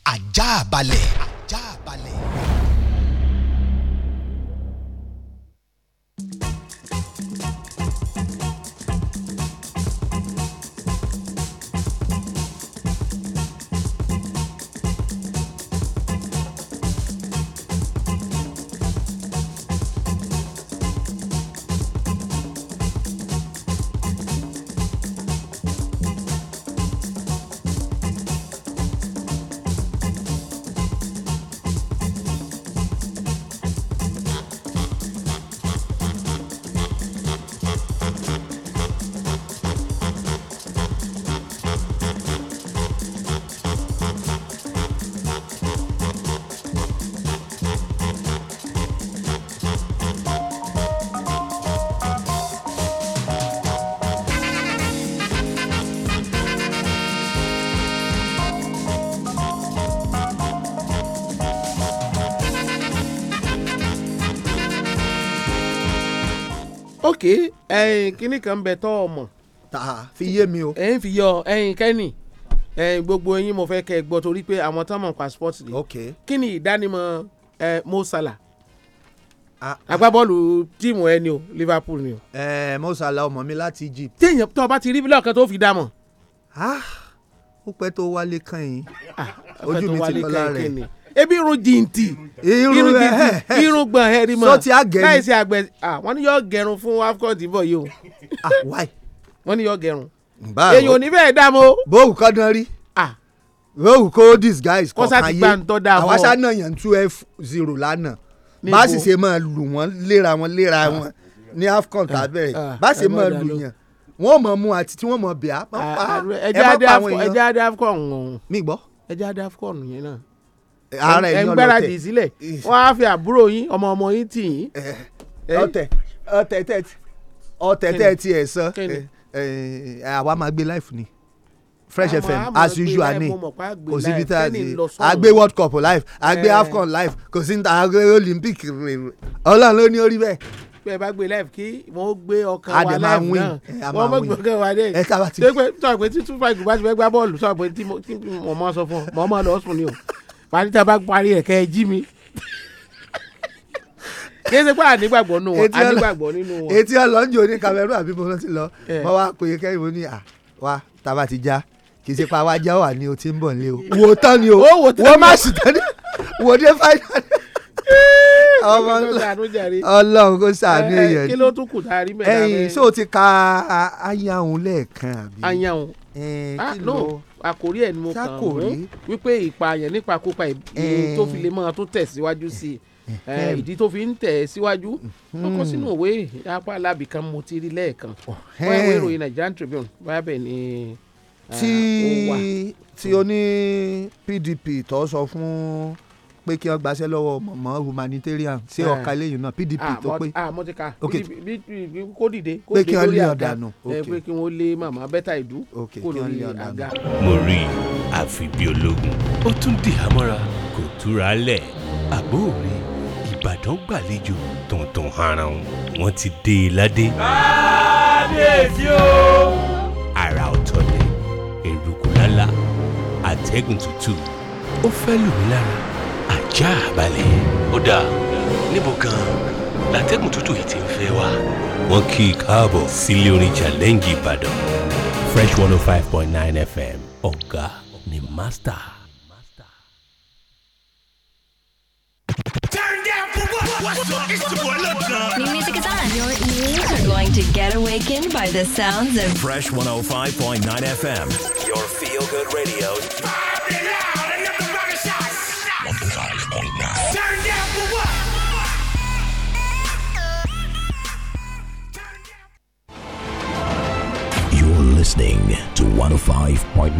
S9: ajá balẹ̀.
S4: kinní kan bẹ tọ́ ọmọ. tá a fi yé mi o. ẹ̀yin fi yọ ẹ̀yin kẹ́ni ẹ̀yin gbogbo ẹ̀yin mo fẹ́ kẹ́ ẹ gbọ́ torí pé àwọn tán mọ̀ pa ni. ok kí ni ìdánimọ̀ ẹ Mo Salah agbábọ́ọ̀lù tíìmù ẹ ni o Liverpool ni o. ẹ Mo Salah
S3: ọmọ mi láti Egypt.
S4: téèyàn tó o bá ti rí bílọ̀kan tó fi dá mọ̀.
S3: Ah, ó pẹ́ tó wálé kan yìí ah, ojú mi ti lọ́la rẹ̀ ebi irun jìntì irun jìntì eh, eh. irun gbọ̀n ẹ̀rí eh, mọ̀ sọ́ọ̀tì àgẹ̀rù láìsí àgbẹ̀
S4: wọ́n ní yọ gẹ̀rùn fún afcon dìbò yìí o ah, wọ́n ní yọ gẹ̀rùn èyí ò ní
S3: bẹ́ẹ̀ dá mo. bóòwù kọ́ dán rí bóòwù kó disguise kọ̀ọ̀kan yé àwọn aṣáá náà yàn two f zero lánàá bá a sì ṣe máa lù wọ́n léra wọn léra wọn ní afcon tábẹ̀rẹ̀ bá a sì máa lù yàn wọn ò mọ mu àti tí wọn mọ bíà ẹ má pa àwọn èèyàn ẹjẹ adé afcon ọhún
S4: mi gbọ́ ẹjẹ adé afcon yẹn náà ara ẹ̀yin ọlọ́tẹ̀ ẹ̀ ń gbáradì sílẹ̀ wọ́n á fi
S3: àbúrò yín ọmọ ọmọ yín tì yín. Eh, eh? ọ̀tẹ̀ ọ̀tẹ̀ tẹ ọ̀tẹ̀ tẹ ti ẹ sọ eh, àwa máa gbé life ni fresh fm as usual ni kò síbi tá a di àgbé world cup live àgbé afcon live kò sí àgbé olympic ọlọ́run ló ní orí bẹ́ẹ̀
S4: pé ẹ bá gbé live kí wọn gbé ọkàn wa live náà wọn bá gbé ọkàn wa dé ṣé pé sọ pé tí two five bá ti fẹ́ gbá bọ́ọ̀lù sọ pé tí mo mọ sọ fún ọ mọ ọmọ lọ sùn ni o parí tá a bá parí ẹ̀ kẹ́ ẹ jí mi kí
S3: ẹsẹ pé ànígbàgbọ́ nínú wọn ànígbàgbọ́
S4: nínú wọn. etí ọlọ́njọ
S3: ní Cameroon àbí mo lọ lọ mo wá pé kẹ́hìn mo ní à wá tá a bá ti já kì í ṣe pa wájá wà ní o ti ń bọ̀ nílé o wò ó tán ni o wò má sì tán ni wò ó dé fáìlà ni ọmọ
S4: Ọlọ́run kò sàánú èèyàn ni kí ló tún kù tá a rí mẹ́ta mẹ́rin. ẹyin
S3: so ti ka ayahun lẹ́ẹ̀kan àbí. ayahun
S4: ah no àkórí ẹ̀ ni mo kàn mú wípé ìpààyàn nípakúpa ìbí tó fi lè máa tó tẹ̀ síwájú sí i ìdí tó fi ń tẹ̀ síwájú hmm. ó kọ sínú òwe apá alábì kan mo ti rí lẹ́ẹ̀kan
S3: wọ́n ìwé ìròyìn
S4: Nigerian Tribune báyà bẹ́ẹ̀ ni ó wà. tí
S3: tí o ní PDP tó sọ fún pé kí wọ́n gbaṣẹ́ lọ́wọ́ mọ̀mọ́ humanitarian ṣé eh. ọ̀ka eléyìí náà PDP ah, tó pé ah,
S4: kó dìde kó dìde lórí àga eh, pé kí wọ́n lé màmá bẹ́tà ìdú kó lórí àga.
S2: mo rí àfi bí ológun ó tún dì hámọ́ra kò túra lẹ̀ àbó rí Ìbàdàn gbàlejò tuntun haran wọn ti dé e ládé.
S7: kábíyèsí
S2: o. àrà ọ̀tọ̀ ni eruku lálá àtẹ̀gùn tútù ó fẹ́ lù mí lára já balẹ̀. ó dáa níbo gan-an látẹ́gùn tútù yìí ti ń fẹ́ wá. wọ́n kí i káàbọ̀ sílé orin challenge ìbàdàn fresh one oh five point nine fm ọ̀gá ni master.
S1: to get awakened
S2: by the sounds of Fresh 105.9 FM,
S8: your feel good radio.
S2: listening to 105.9